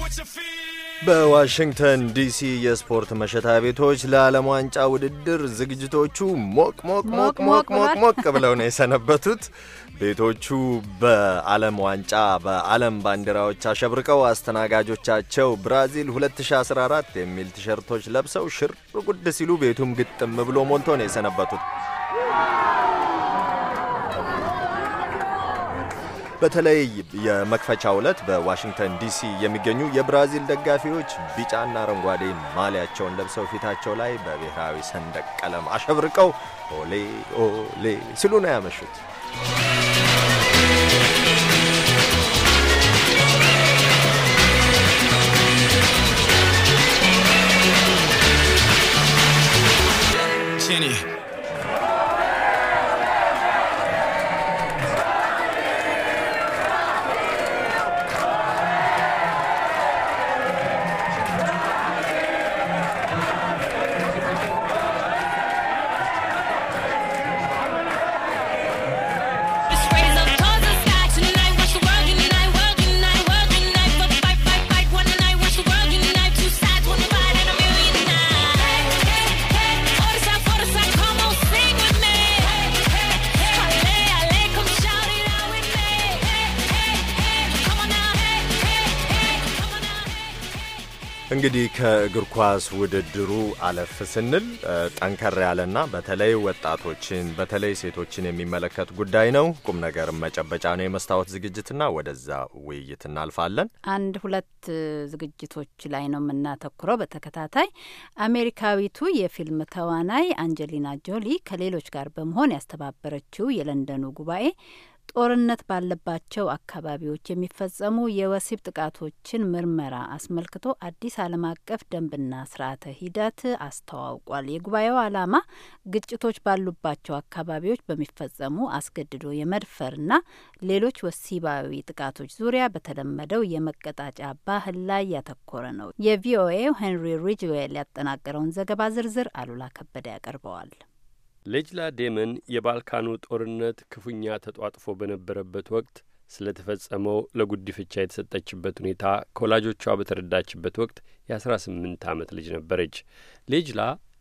One በዋሽንግተን ዲሲ የስፖርት መሸታ ቤቶች ለዓለም ዋንጫ ውድድር ዝግጅቶቹ ሞቅ ሞቅ ሞቅ ሞቅ ሞቅ ሞቅ ብለው ነው የሰነበቱት። ቤቶቹ በዓለም ዋንጫ በዓለም ባንዲራዎች አሸብርቀው አስተናጋጆቻቸው ብራዚል 2014 የሚል ቲሸርቶች ለብሰው ሽር ጉድ ሲሉ ቤቱም ግጥም ብሎ ሞልቶ ነው የሰነበቱት። በተለይ የመክፈቻ ዕለት በዋሽንግተን ዲሲ የሚገኙ የብራዚል ደጋፊዎች ቢጫና አረንጓዴ ማሊያቸውን ለብሰው ፊታቸው ላይ በብሔራዊ ሰንደቅ ቀለም አሸብርቀው ኦሌ ኦሌ ሲሉ ነው ያመሹት። እንግዲህ ከእግር ኳስ ውድድሩ አለፍ ስንል ጠንከር ያለና በተለይ ወጣቶችን በተለይ ሴቶችን የሚመለከት ጉዳይ ነው። ቁም ነገር መጨበጫ ነው የመስታወት ዝግጅትና ወደዛ ውይይት እናልፋለን። አንድ ሁለት ዝግጅቶች ላይ ነው የምናተኩረው በተከታታይ። አሜሪካዊቱ የፊልም ተዋናይ አንጀሊና ጆሊ ከሌሎች ጋር በመሆን ያስተባበረችው የለንደኑ ጉባኤ ጦርነት ባለባቸው አካባቢዎች የሚፈጸሙ የወሲብ ጥቃቶችን ምርመራ አስመልክቶ አዲስ ዓለም አቀፍ ደንብና ስርዓተ ሂደት አስተዋውቋል። የጉባኤው ዓላማ ግጭቶች ባሉባቸው አካባቢዎች በሚፈጸሙ አስገድዶ የመድፈርና ሌሎች ወሲባዊ ጥቃቶች ዙሪያ በተለመደው የመቀጣጫ ባህል ላይ ያተኮረ ነው። የቪኦኤው ሄንሪ ሪጅዌል ያጠናቀረውን ዘገባ ዝርዝር አሉላ ከበደ ያቀርበዋል። ሌጅላ ዴመን የባልካኑ ጦርነት ክፉኛ ተጧጥፎ በነበረበት ወቅት ስለ ተፈጸመው ለጉዲፈቻ የተሰጠችበት ሁኔታ ከወላጆቿ በተረዳችበት ወቅት የአስራ ስምንት ዓመት ልጅ ነበረች። ሌጅላ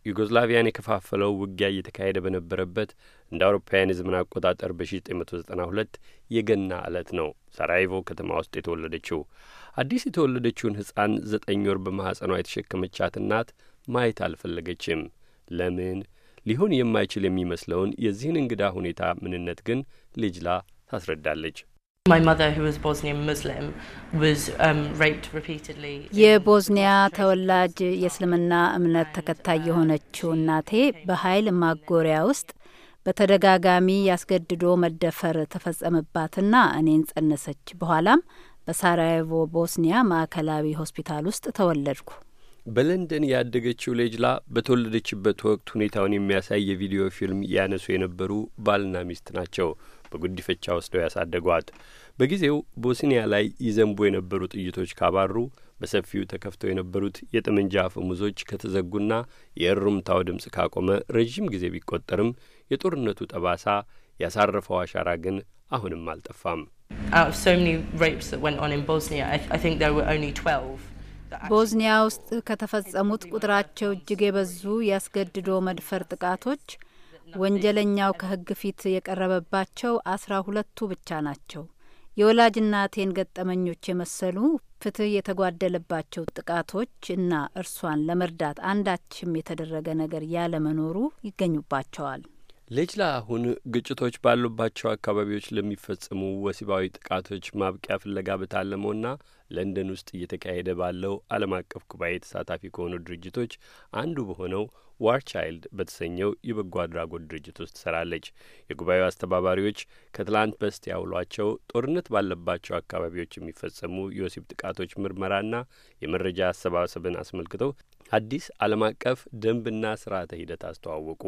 ዩጎዝላቪያን የከፋፈለው ውጊያ እየተካሄደ በነበረበት እንደ አውሮፓውያን የዘመን አቆጣጠር በ1992 የገና ዕለት ነው ሳራይቮ ከተማ ውስጥ የተወለደችው። አዲስ የተወለደችውን ሕፃን ዘጠኝ ወር በማኅፀኗ የተሸከመቻት እናት ማየት አልፈለገችም። ለምን ሊሆን የማይችል የሚመስለውን የዚህን እንግዳ ሁኔታ ምንነት ግን ልጅላ ታስረዳለች። um, የቦዝኒያ ተወላጅ የእስልምና እምነት ተከታይ የሆነችው እናቴ በኃይል ማጎሪያ ውስጥ በተደጋጋሚ ያስገድዶ መደፈር ተፈጸመባትና እኔን ጸነሰች። በኋላም በሳራየቮ ቦስኒያ ማዕከላዊ ሆስፒታል ውስጥ ተወለድኩ። በለንደን ያደገችው ሌጅላ በተወለደችበት ወቅት ሁኔታውን የሚያሳይ የቪዲዮ ፊልም ያነሱ የነበሩ ባልና ሚስት ናቸው በጉዲፈቻ ወስደው ያሳደጓት። በጊዜው ቦስኒያ ላይ ይዘንቡ የነበሩ ጥይቶች ካባሩ፣ በሰፊው ተከፍተው የነበሩት የጠመንጃ አፈሙዞች ከተዘጉና የእሩምታው ድምፅ ካቆመ ረዥም ጊዜ ቢቆጠርም የጦርነቱ ጠባሳ ያሳረፈው አሻራ ግን አሁንም አልጠፋም። ቦዝኒያ ውስጥ ከተፈጸሙት ቁጥራቸው እጅግ የበዙ ያስገድዶ መድፈር ጥቃቶች ወንጀለኛው ከህግ ፊት የቀረበባቸው አስራ ሁለቱ ብቻ ናቸው። የወላጅናቴን ገጠመኞች የመሰሉ ፍትህ የተጓደለባቸው ጥቃቶች እና እርሷን ለመርዳት አንዳችም የተደረገ ነገር ያለመኖሩ ይገኙባቸዋል። ሌጅላ አሁን ግጭቶች ባሉባቸው አካባቢዎች ለሚፈጸሙ ወሲባዊ ጥቃቶች ማብቂያ ፍለጋ በታለመውና ለንደን ውስጥ እየተካሄደ ባለው ዓለም አቀፍ ጉባኤ ተሳታፊ ከሆኑ ድርጅቶች አንዱ በሆነው ዋር ቻይልድ በተሰኘው የበጎ አድራጎት ድርጅት ውስጥ ትሰራለች። የጉባኤው አስተባባሪዎች ከትላንት በስት ያውሏቸው ጦርነት ባለባቸው አካባቢዎች የሚፈጸሙ የወሲብ ጥቃቶች ምርመራና የመረጃ አሰባሰብን አስመልክተው አዲስ ዓለም አቀፍ ደንብና ስርዓተ ሂደት አስተዋወቁ።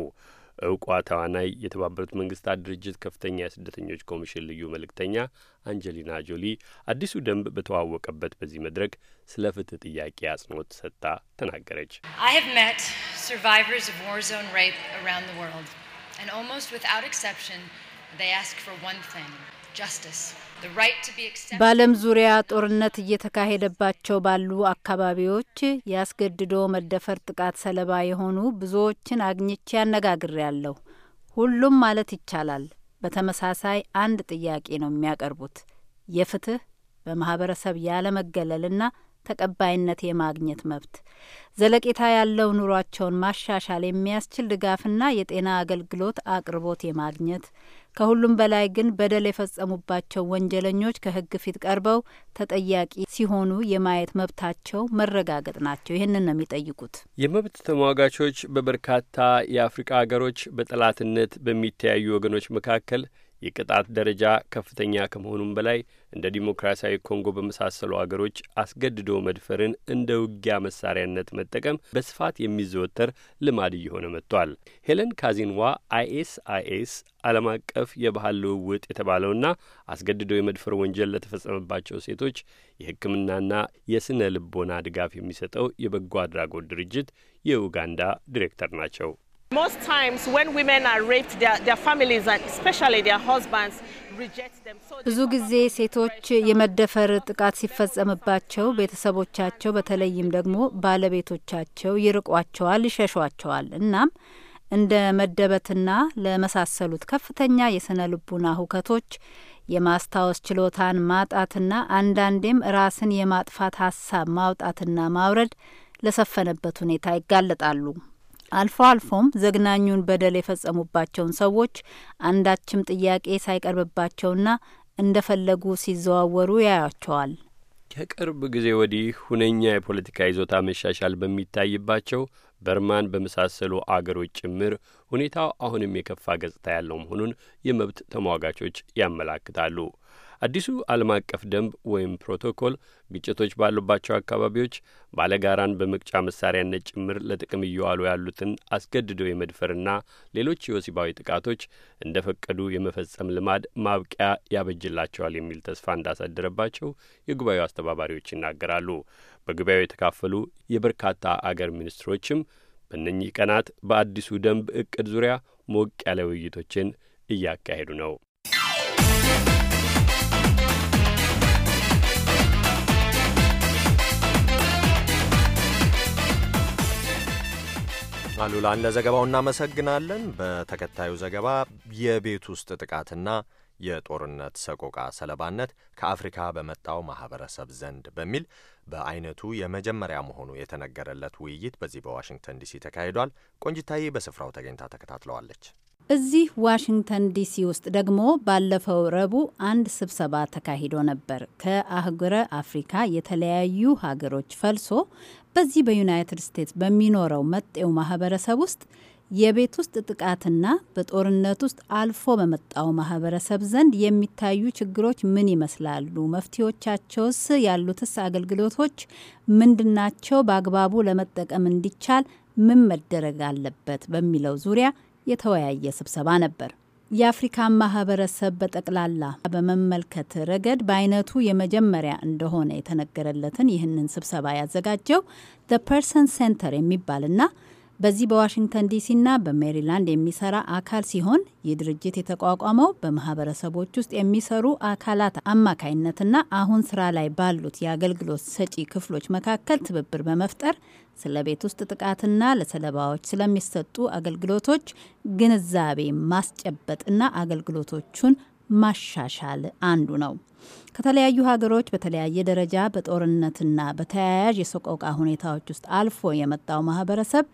እውቋ ተዋናይ የተባበሩት መንግስታት ድርጅት ከፍተኛ የስደተኞች ኮሚሽን ልዩ መልእክተኛ አንጀሊና ጆሊ አዲሱ ደንብ በተዋወቀበት በዚህ መድረክ ስለ ፍትህ ጥያቄ አጽንኦት ሰጥታ ተናገረች። And almost without exception, they ask for one thing. በዓለም ዙሪያ ጦርነት እየተካሄደባቸው ባሉ አካባቢዎች ያስገድዶ መደፈር ጥቃት ሰለባ የሆኑ ብዙዎችን አግኝቼ አነጋግሬያለሁ። ሁሉም ማለት ይቻላል በተመሳሳይ አንድ ጥያቄ ነው የሚያቀርቡት የፍትህ በማህበረሰብ ያለመገለልና ተቀባይነት የማግኘት መብት፣ ዘለቄታ ያለው ኑሯቸውን ማሻሻል የሚያስችል ድጋፍና የጤና አገልግሎት አቅርቦት የማግኘት ከሁሉም በላይ ግን በደል የፈጸሙባቸው ወንጀለኞች ከህግ ፊት ቀርበው ተጠያቂ ሲሆኑ የማየት መብታቸው መረጋገጥ ናቸው። ይህንን ነው የሚጠይቁት። የመብት ተሟጋቾች በበርካታ የአፍሪቃ ሀገሮች በጠላትነት በሚተያዩ ወገኖች መካከል የቅጣት ደረጃ ከፍተኛ ከመሆኑም በላይ እንደ ዲሞክራሲያዊ ኮንጎ በመሳሰሉ አገሮች አስገድዶ መድፈርን እንደ ውጊያ መሳሪያነት መጠቀም በስፋት የሚዘወተር ልማድ እየሆነ መጥቷል። ሄለን ካዚንዋ አይኤስ አይኤስ ዓለም አቀፍ የባህል ልውውጥ የተባለውና አስገድዶ የመድፈር ወንጀል ለተፈጸመባቸው ሴቶች የሕክምናና የስነ ልቦና ድጋፍ የሚሰጠው የበጎ አድራጎት ድርጅት የኡጋንዳ ዲሬክተር ናቸው። Most times when women are raped, their, their families and especially their husbands ብዙ ጊዜ ሴቶች የመደፈር ጥቃት ሲፈጸምባቸው ቤተሰቦቻቸው በተለይም ደግሞ ባለቤቶቻቸው ይርቋቸዋል፣ ይሸሿቸዋል። እናም እንደ መደበትና ለመሳሰሉት ከፍተኛ የስነ ልቡና ሁከቶች የማስታወስ ችሎታን ማጣትና አንዳንዴም ራስን የማጥፋት ሀሳብ ማውጣትና ማውረድ ለሰፈነበት ሁኔታ ይጋለጣሉ። አልፎ አልፎም ዘግናኙን በደል የፈጸሙባቸውን ሰዎች አንዳችም ጥያቄ ሳይቀርብባቸውና እንደፈለጉ ሲዘዋወሩ ያያቸዋል። ከቅርብ ጊዜ ወዲህ ሁነኛ የፖለቲካ ይዞታ መሻሻል በሚታይባቸው በርማን በመሳሰሉ አገሮች ጭምር ሁኔታው አሁንም የከፋ ገጽታ ያለው መሆኑን የመብት ተሟጋቾች ያመላክታሉ። አዲሱ ዓለም አቀፍ ደንብ ወይም ፕሮቶኮል ግጭቶች ባሉባቸው አካባቢዎች ባለጋራን በመቅጫ መሳሪያነት ጭምር ለጥቅም እየዋሉ ያሉትን አስገድዶ የመድፈርና ሌሎች የወሲባዊ ጥቃቶች እንደ ፈቀዱ የመፈጸም ልማድ ማብቂያ ያበጅላቸዋል የሚል ተስፋ እንዳሳደረባቸው የጉባኤው አስተባባሪዎች ይናገራሉ። በጉባኤው የተካፈሉ የበርካታ አገር ሚኒስትሮችም በእነኚህ ቀናት በአዲሱ ደንብ እቅድ ዙሪያ ሞቅ ያለ ውይይቶችን እያካሄዱ ነው። አሉላን ለዘገባው እናመሰግናለን። በተከታዩ ዘገባ የቤት ውስጥ ጥቃትና የጦርነት ሰቆቃ ሰለባነት ከአፍሪካ በመጣው ማህበረሰብ ዘንድ በሚል በአይነቱ የመጀመሪያ መሆኑ የተነገረለት ውይይት በዚህ በዋሽንግተን ዲሲ ተካሂዷል። ቆንጅታዬ በስፍራው ተገኝታ ተከታትለዋለች። እዚህ ዋሽንግተን ዲሲ ውስጥ ደግሞ ባለፈው ረቡዕ አንድ ስብሰባ ተካሂዶ ነበር። ከአህጉረ አፍሪካ የተለያዩ ሀገሮች ፈልሶ በዚህ በዩናይትድ ስቴትስ በሚኖረው መጤው ማህበረሰብ ውስጥ የቤት ውስጥ ጥቃትና በጦርነት ውስጥ አልፎ በመጣው ማህበረሰብ ዘንድ የሚታዩ ችግሮች ምን ይመስላሉ? መፍትሄዎቻቸውስ? ያሉትስ አገልግሎቶች ምንድናቸው? በአግባቡ ለመጠቀም እንዲቻል ምን መደረግ አለበት? በሚለው ዙሪያ የተወያየ ስብሰባ ነበር። የአፍሪካን ማህበረሰብ በጠቅላላ በመመልከት ረገድ በአይነቱ የመጀመሪያ እንደሆነ የተነገረለትን ይህንን ስብሰባ ያዘጋጀው ዘ ፐርሰን ሴንተር የሚባልና በዚህ በዋሽንግተን ዲሲና በሜሪላንድ የሚሰራ አካል ሲሆን ይህ ድርጅት የተቋቋመው በማህበረሰቦች ውስጥ የሚሰሩ አካላት አማካይነትና አሁን ስራ ላይ ባሉት የአገልግሎት ሰጪ ክፍሎች መካከል ትብብር በመፍጠር ስለ ቤት ውስጥ ጥቃትና ለሰለባዎች ስለሚሰጡ አገልግሎቶች ግንዛቤ ማስጨበጥና አገልግሎቶቹን ማሻሻል አንዱ ነው። ከተለያዩ ሀገሮች በተለያየ ደረጃ በጦርነትና በተያያዥ የሰቆቃ ሁኔታዎች ውስጥ አልፎ የመጣው ማህበረሰብ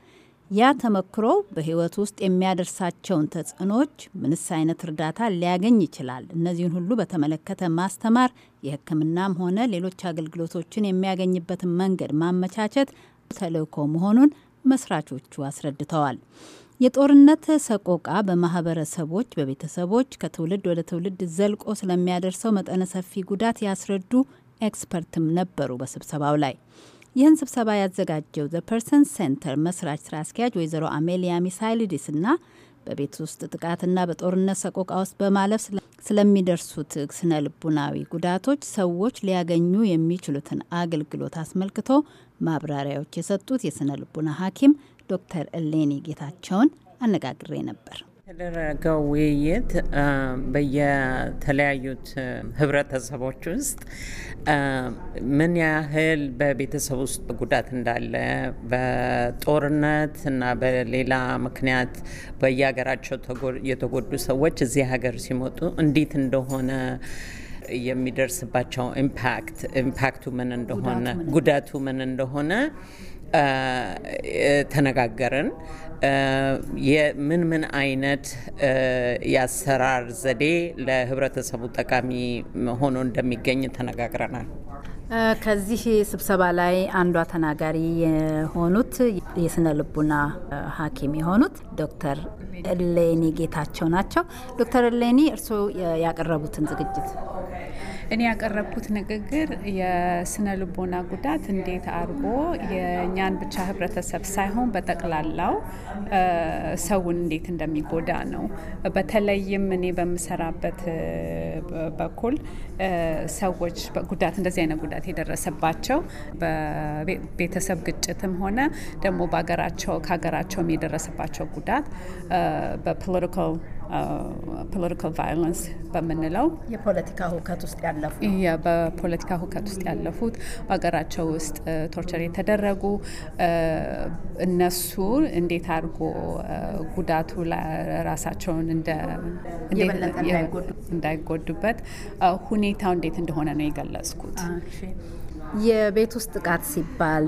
ያ ተመክሮ በህይወት ውስጥ የሚያደርሳቸውን ተጽዕኖች፣ ምንስ አይነት እርዳታ ሊያገኝ ይችላል፣ እነዚህን ሁሉ በተመለከተ ማስተማር፣ የሕክምናም ሆነ ሌሎች አገልግሎቶችን የሚያገኝበትን መንገድ ማመቻቸት ተልእኮ መሆኑን መስራቾቹ አስረድተዋል። የጦርነት ሰቆቃ በማህበረሰቦች፣ በቤተሰቦች ከትውልድ ወደ ትውልድ ዘልቆ ስለሚያደርሰው መጠነ ሰፊ ጉዳት ያስረዱ ኤክስፐርትም ነበሩ በስብሰባው ላይ። ይህን ስብሰባ ያዘጋጀው ዘ ፐርሰን ሴንተር መስራች ስራ አስኪያጅ ወይዘሮ አሜሊያ ሚሳይልዲስ እና በቤት ውስጥ ጥቃትና በጦርነት ሰቆቃ ውስጥ በማለፍ ስለሚደርሱት ስነ ልቡናዊ ጉዳቶች ሰዎች ሊያገኙ የሚችሉትን አገልግሎት አስመልክቶ ማብራሪያዎች የሰጡት የስነ ልቡና ሐኪም ዶክተር እሌኒ ጌታቸውን አነጋግሬ ነበር። የተደረገው ውይይት በየተለያዩት ህብረተሰቦች ውስጥ ምን ያህል በቤተሰብ ውስጥ ጉዳት እንዳለ በጦርነት እና በሌላ ምክንያት በየሀገራቸው የተጎዱ ሰዎች እዚህ ሀገር ሲመጡ እንዴት እንደሆነ የሚደርስባቸው ኢምፓክት ኢምፓክቱ ምን እንደሆነ ጉዳቱ ምን እንደሆነ ተነጋገርን። የምን ምን አይነት የአሰራር ዘዴ ለህብረተሰቡ ጠቃሚ ሆኖ እንደሚገኝ ተነጋግረናል። ከዚህ ስብሰባ ላይ አንዷ ተናጋሪ የሆኑት የስነ ልቡና ሐኪም የሆኑት ዶክተር እሌኒ ጌታቸው ናቸው። ዶክተር እሌኒ እርስዎ ያቀረቡትን ዝግጅት እኔ ያቀረብኩት ንግግር የስነ ልቦና ጉዳት እንዴት አድርጎ የእኛን ብቻ ህብረተሰብ ሳይሆን በጠቅላላው ሰውን እንዴት እንደሚጎዳ ነው። በተለይም እኔ በምሰራበት በኩል ሰዎች ጉዳት እንደዚህ አይነት ጉዳት የደረሰባቸው በቤተሰብ ግጭትም ሆነ ደግሞ በሀገራቸው ከሀገራቸውም የደረሰባቸው ጉዳት በፖለቲካል ፖለቲካል uh, ቫዮለንስ በምንለው የፖለቲካ ሁከት ውስጥ ያለፉ በፖለቲካ ሁከት ውስጥ ያለፉት በሀገራቸው ውስጥ ቶርቸር የተደረጉ uh, እነሱ እንዴት አድርጎ uh, ጉዳቱ ራሳቸውን እንዳይጎዱበት ሁኔታው እንዴት እንደሆነ ነው የገለጽኩት። የቤት ውስጥ ጥቃት ሲባል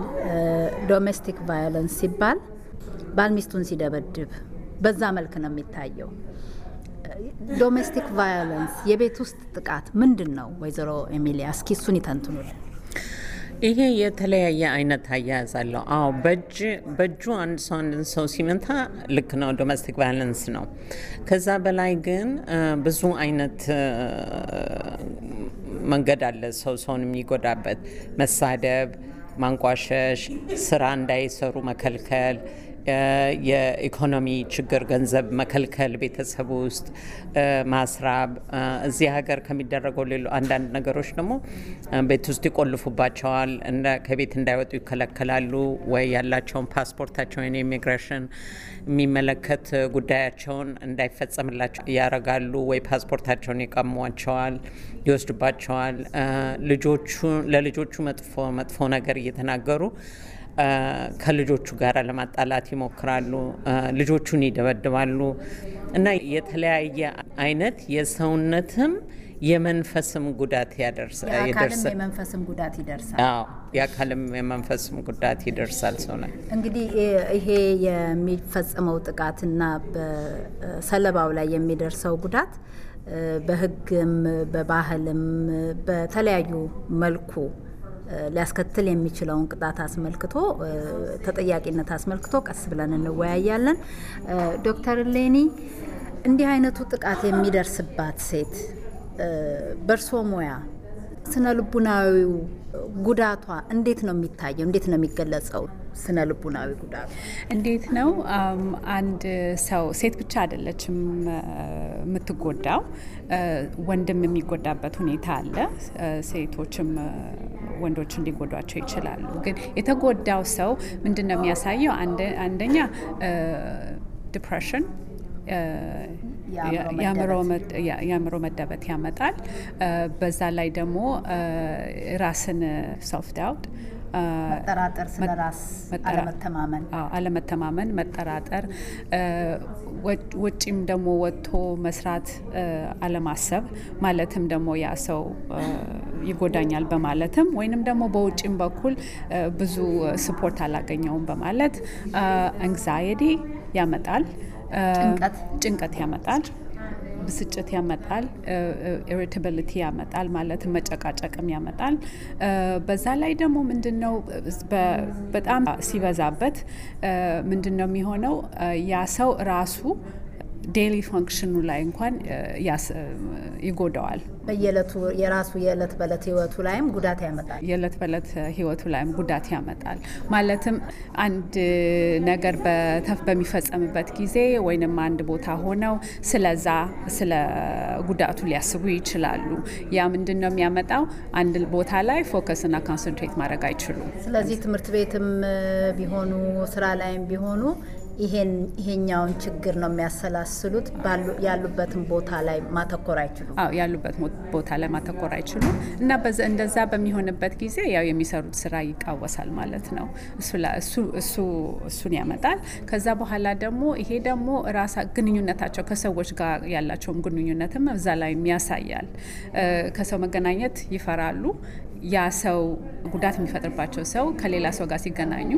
ዶሜስቲክ ቫዮለንስ ሲባል ባልሚስቱን ሲደበድብ በዛ መልክ ነው የሚታየው። ዶሜስቲክ ቫዮለንስ የቤት ውስጥ ጥቃት ምንድን ነው? ወይዘሮ ኤሚሊያ እስኪ እሱን ይተንትኑል። ይሄ የተለያየ አይነት አያያዝ አለው። አዎ በእጅ በእጁ አንድ ሰው አንድን ሰው ሲመታ ልክ ነው፣ ዶሜስቲክ ቫዮለንስ ነው። ከዛ በላይ ግን ብዙ አይነት መንገድ አለ ሰው ሰውን የሚጎዳበት መሳደብ፣ ማንቋሸሽ፣ ስራ እንዳይሰሩ መከልከል የኢኮኖሚ ችግር፣ ገንዘብ መከልከል፣ ቤተሰብ ውስጥ ማስራብ፣ እዚህ ሀገር ከሚደረገው ሌሎ አንዳንድ ነገሮች ደግሞ ቤት ውስጥ ይቆልፉባቸዋል፣ ከቤት እንዳይወጡ ይከለከላሉ። ወይ ያላቸውን ፓስፖርታቸውን ኢሚግሬሽን የሚመለከት ጉዳያቸውን እንዳይፈጸምላቸው ያረጋሉ ወይ ፓስፖርታቸውን ይቀሟቸዋል፣ ይወስዱባቸዋል። ልጆቹ ለልጆቹ መጥፎ መጥፎ ነገር እየተናገሩ ከልጆቹ ጋር ለማጣላት ይሞክራሉ፣ ልጆቹን ይደበድባሉ እና የተለያየ አይነት የሰውነትም የመንፈስም ጉዳት ያደርሳል። የመንፈስም ጉዳት ይደርሳል። የአካልም የመንፈስም ጉዳት ይደርሳል። ሰው ነው እንግዲህ ይሄ የሚፈጸመው ጥቃትና በሰለባው ላይ የሚደርሰው ጉዳት በሕግም በባህልም በተለያዩ መልኩ ሊያስከትል የሚችለውን ቅጣት አስመልክቶ ተጠያቂነት አስመልክቶ ቀስ ብለን እንወያያለን። ዶክተር ሌኒ እንዲህ አይነቱ ጥቃት የሚደርስባት ሴት በእርሶ ሙያ ስነ ልቡናዊው ጉዳቷ እንዴት ነው የሚታየው? እንዴት ነው የሚገለጸው? ስነ ልቡናዊ ጉዳት እንዴት ነው? አንድ ሰው ሴት ብቻ አይደለችም የምትጎዳው፣ ወንድም የሚጎዳበት ሁኔታ አለ። ሴቶችም ወንዶች እንዲጎዷቸው ይችላሉ። ግን የተጎዳው ሰው ምንድን ነው የሚያሳየው? አንደኛ ዲፕሬሽን የአእምሮ መደበት ያመጣል። በዛ ላይ ደግሞ ራስን ሰልፍ ዳውት መጠራጠር፣ ስለ ራስ አለመተማመን፣ አለመተማመን፣ መጠራጠር፣ ውጪም ደግሞ ወጥቶ መስራት አለማሰብ፣ ማለትም ደግሞ ያ ሰው ይጎዳኛል በማለትም ወይንም ደግሞ በውጭም በኩል ብዙ ስፖርት አላገኘውም በማለት አንግዛይቲ ያመጣል። ጭንቀት ያመጣል፣ ብስጭት ያመጣል፣ ኢሪታብሊቲ ያመጣል፣ ማለት መጨቃጨቅም ያመጣል። በዛ ላይ ደግሞ ምንድነው በጣም ሲበዛበት ምንድነው የሚሆነው ያ ሰው ራሱ ዴይሊ ፋንክሽኑ ላይ እንኳን ይጎዳዋል። በየለቱ የራሱ የዕለት በለት ህይወቱ ላይም ጉዳት ያመጣል። የዕለት በለት ህይወቱ ላይም ጉዳት ያመጣል። ማለትም አንድ ነገር በተፍ በሚፈጸምበት ጊዜ ወይንም አንድ ቦታ ሆነው ስለዛ ስለ ጉዳቱ ሊያስቡ ይችላሉ። ያ ምንድን ነው የሚያመጣው? አንድ ቦታ ላይ ፎከስና ኮንሰንትሬት ማድረግ አይችሉም። ስለዚህ ትምህርት ቤትም ቢሆኑ ስራ ላይም ቢሆኑ ይሄኛውን ችግር ነው የሚያሰላስሉት። ያሉበትን ቦታ ላይ ማተኮር አይችሉም። አዎ ያሉበት ቦታ ላይ ማተኮር አይችሉም እና እንደዛ በሚሆንበት ጊዜ ያው የሚሰሩት ስራ ይቃወሳል ማለት ነው። እሱን ያመጣል። ከዛ በኋላ ደግሞ ይሄ ደግሞ ራሳ ግንኙነታቸው ከሰዎች ጋር ያላቸውን ግንኙነትም እዛ ላይ ያሳያል። ከሰው መገናኘት ይፈራሉ። ያ ሰው ጉዳት የሚፈጥርባቸው ሰው ከሌላ ሰው ጋር ሲገናኙ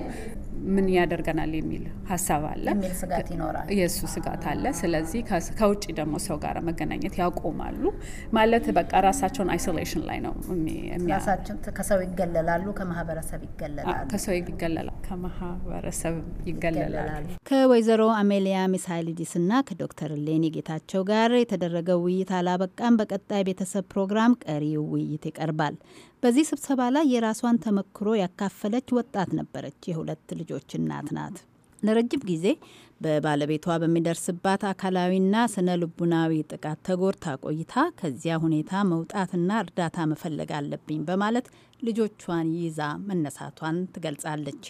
ምን ያደርገናል የሚል ሀሳብ አለ፣ ስጋት ይኖራል፣ የእሱ ስጋት አለ። ስለዚህ ከውጭ ደግሞ ሰው ጋር መገናኘት ያቆማሉ ማለት በቃ ራሳቸውን አይሶሌሽን ላይ ነው ከሰው ይገለላሉ፣ ከማህበረሰብ ይገለላሉ፣ ከሰው ይገለላሉ፣ ከማህበረሰብ ይገለላሉ። ከወይዘሮ አሜሊያ ሚሳይልዲስ እና ከዶክተር ሌኒ ጌታቸው ጋር የተደረገው ውይይት አላበቃም። በቀጣይ ቤተሰብ ፕሮግራም ቀሪው ውይይት ይቀርባል። በዚህ ስብሰባ ላይ የራሷን ተመክሮ ያካፈለች ወጣት ነበረች። የሁለት ልጆች እናት ናት። ለረጅም ጊዜ በባለቤቷ በሚደርስባት አካላዊና ስነ ልቡናዊ ጥቃት ተጎድታ ቆይታ ከዚያ ሁኔታ መውጣትና እርዳታ መፈለግ አለብኝ በማለት ልጆቿን ይዛ መነሳቷን ትገልጻለች።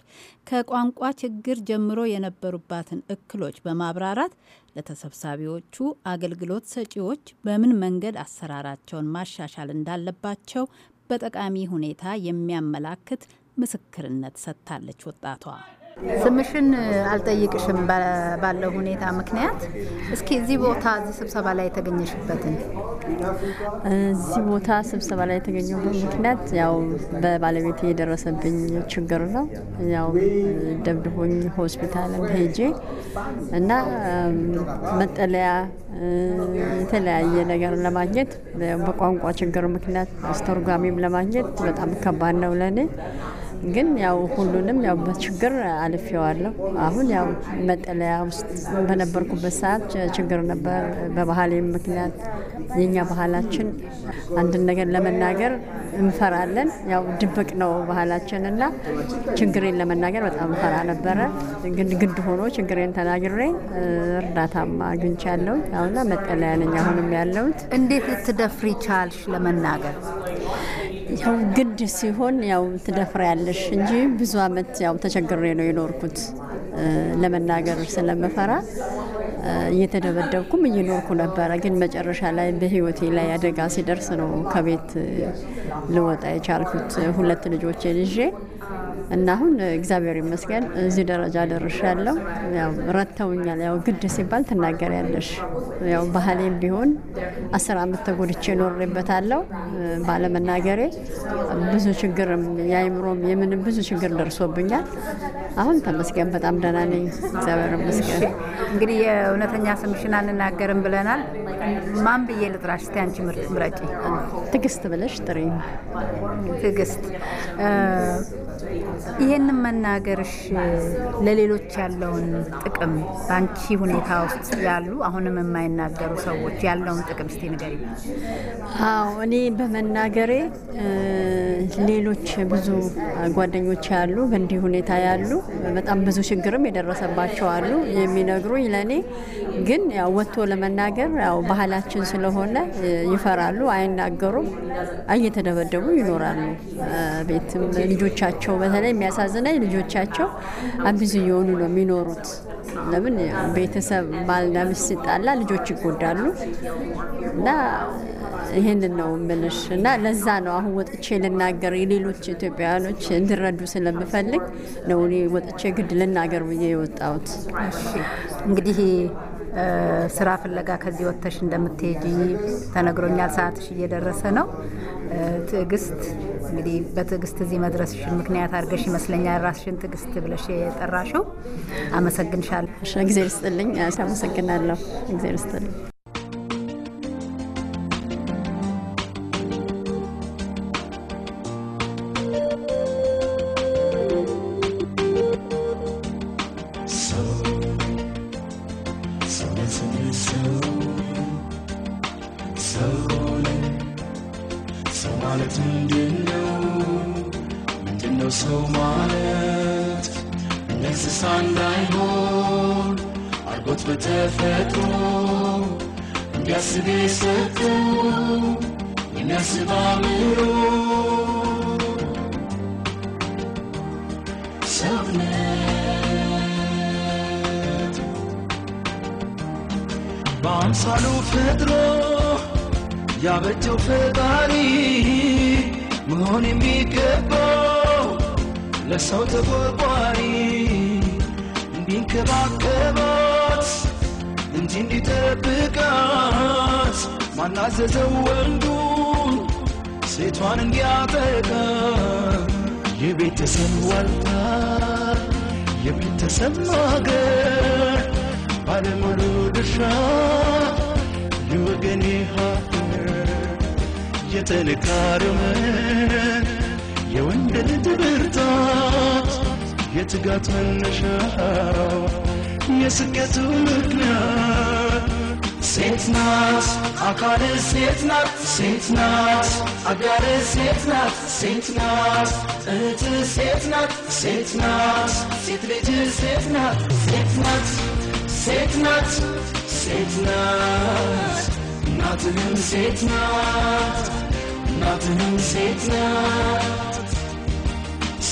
ከቋንቋ ችግር ጀምሮ የነበሩባትን እክሎች በማብራራት ለተሰብሳቢዎቹ አገልግሎት ሰጪዎች በምን መንገድ አሰራራቸውን ማሻሻል እንዳለባቸው በጠቃሚ ሁኔታ የሚያመላክት ምስክርነት ሰጥታለች ወጣቷ። ስምሽን አልጠይቅሽም ባለው ሁኔታ ምክንያት። እስኪ እዚህ ቦታ እዚህ ስብሰባ ላይ የተገኘሽበትን። እዚህ ቦታ ስብሰባ ላይ የተገኘበት ምክንያት ያው በባለቤት የደረሰብኝ ችግር ነው። ያው ደብድቦኝ ሆስፒታል ሄጄ እና መጠለያ የተለያየ ነገር ለማግኘት በቋንቋ ችግር ምክንያት አስተርጓሚም ለማግኘት በጣም ከባድ ነው ለእኔ ግን ያው ሁሉንም ያው በችግር አልፌዋለሁ። አሁን ያው መጠለያ ውስጥ በነበርኩበት ሰዓት ችግር ነበር። በባህሌም ምክንያት የኛ ባህላችን አንድን ነገር ለመናገር እንፈራለን። ያው ድብቅ ነው ባህላችን እና ችግሬን ለመናገር በጣም እንፈራ ነበረ። ግን ግድ ሆኖ ችግሬን ተናግሬ እርዳታም አግኝቻለሁ። አሁና መጠለያ ነኝ አሁንም ያለሁት። እንዴት ልትደፍሪ ቻልሽ ለመናገር? ያው ግድ ሲሆን ያው ያለሽ እንጂ ብዙ አመት ያው ተቸግሬ ነው የኖርኩት። ለመናገር ስለመፈራ እየተደበደብኩም እየኖርኩ ነበረ። ግን መጨረሻ ላይ በህይወቴ ላይ አደጋ ሲደርስ ነው ከቤት ልወጣ የቻልኩት ሁለት ልጆችን ይዤ እና አሁን እግዚአብሔር ይመስገን እዚህ ደረጃ ደርሽ ያለው ያው ረተውኛል። ያው ግድ ሲባል ትናገር ያለሽ ያው ባህሌም ቢሆን አስር አመት ተጎድቼ ኖሬበታለሁ። ባለመናገሬ ብዙ ችግርም የአይምሮም የምንም ብዙ ችግር ደርሶብኛል። አሁን ተመስገን በጣም ደህና ነኝ፣ እግዚአብሔር ይመስገን። እንግዲህ የእውነተኛ ስምሽን አንናገርም ብለናል። ማን ብዬ ልጥራሽ? እስቲ አንቺ ምረጪ። ትዕግስት ብለሽ ጥሪ። ትዕግስት ይህንን መናገርሽ ለሌሎች ያለውን ጥቅም በአንቺ ሁኔታ ውስጥ ያሉ አሁንም የማይናገሩ ሰዎች ያለውን ጥቅም እስቲ ንገሪ። አዎ እኔ በመናገሬ ሌሎች ብዙ ጓደኞች ያሉ በእንዲህ ሁኔታ ያሉ በጣም ብዙ ችግርም የደረሰባቸው አሉ የሚነግሩኝ ለእኔ ግን ያው ወጥቶ ለመናገር ያው ባህላችን ስለሆነ ይፈራሉ፣ አይናገሩም፣ እየተደበደቡ ይኖራሉ። ቤትም ልጆቻቸው በተለይ የሚያሳዝነኝ ልጆቻቸው አቢዝ እየሆኑ ነው የሚኖሩት። ለምን ቤተሰብ ባልና ሚስት ሲጣላ ልጆች ይጎዳሉ እና ይህንን ነው ምልሽ እና ለዛ ነው አሁን ወጥቼ ልናገር የሌሎች ኢትዮጵያውያኖች እንዲረዱ ስለምፈልግ ነው እኔ ወጥቼ ግድ ልናገር ብዬ የወጣሁት እንግዲህ ስራ ፍለጋ ከዚህ ወጥተሽ እንደምትሄጂ ተነግሮኛል። ሰዓትሽ እየደረሰ ነው። ትዕግስት እንግዲህ በትዕግስት እዚህ መድረስሽ ምክንያት አድርገሽ ይመስለኛል ራስሽን ትዕግስት ብለሽ የጠራሽው። አመሰግንሻለሁ። እግዜር ይስጥልኝ። አመሰግናለሁ። እግዜር ይስጥልኝ። ያስባምሮ በአምሳሉ ፈጥሮ ያበጀው ፈጣሪ መሆን የሚገባው ለሰው ተቆርቋሪ እንዲንከባከባት እንጂ እንዲጠብቃት ማናዘዘው ወንዱ ሴቷን እንዲያጠቀ የቤተሰብ ዋልታ የቤተሰብ ማገር ባለሙሉ ድርሻ የወገኔ ሀገር የጥንካሬውን የወንድ ልጅ ብርታት የትጋት መነሻው የስኬቱ ምክንያት ሴት ናት አካል ሴት ናት ሴት ናት አጋር ሴት ናት ሴት ናት እህት ሴት ናት ሴት ናት ሴት ልጅ ሴት ናት ሴት ናት ሴት ናት ሴት ናት እናትህም ሴት ናት እናትህም ሴት ናት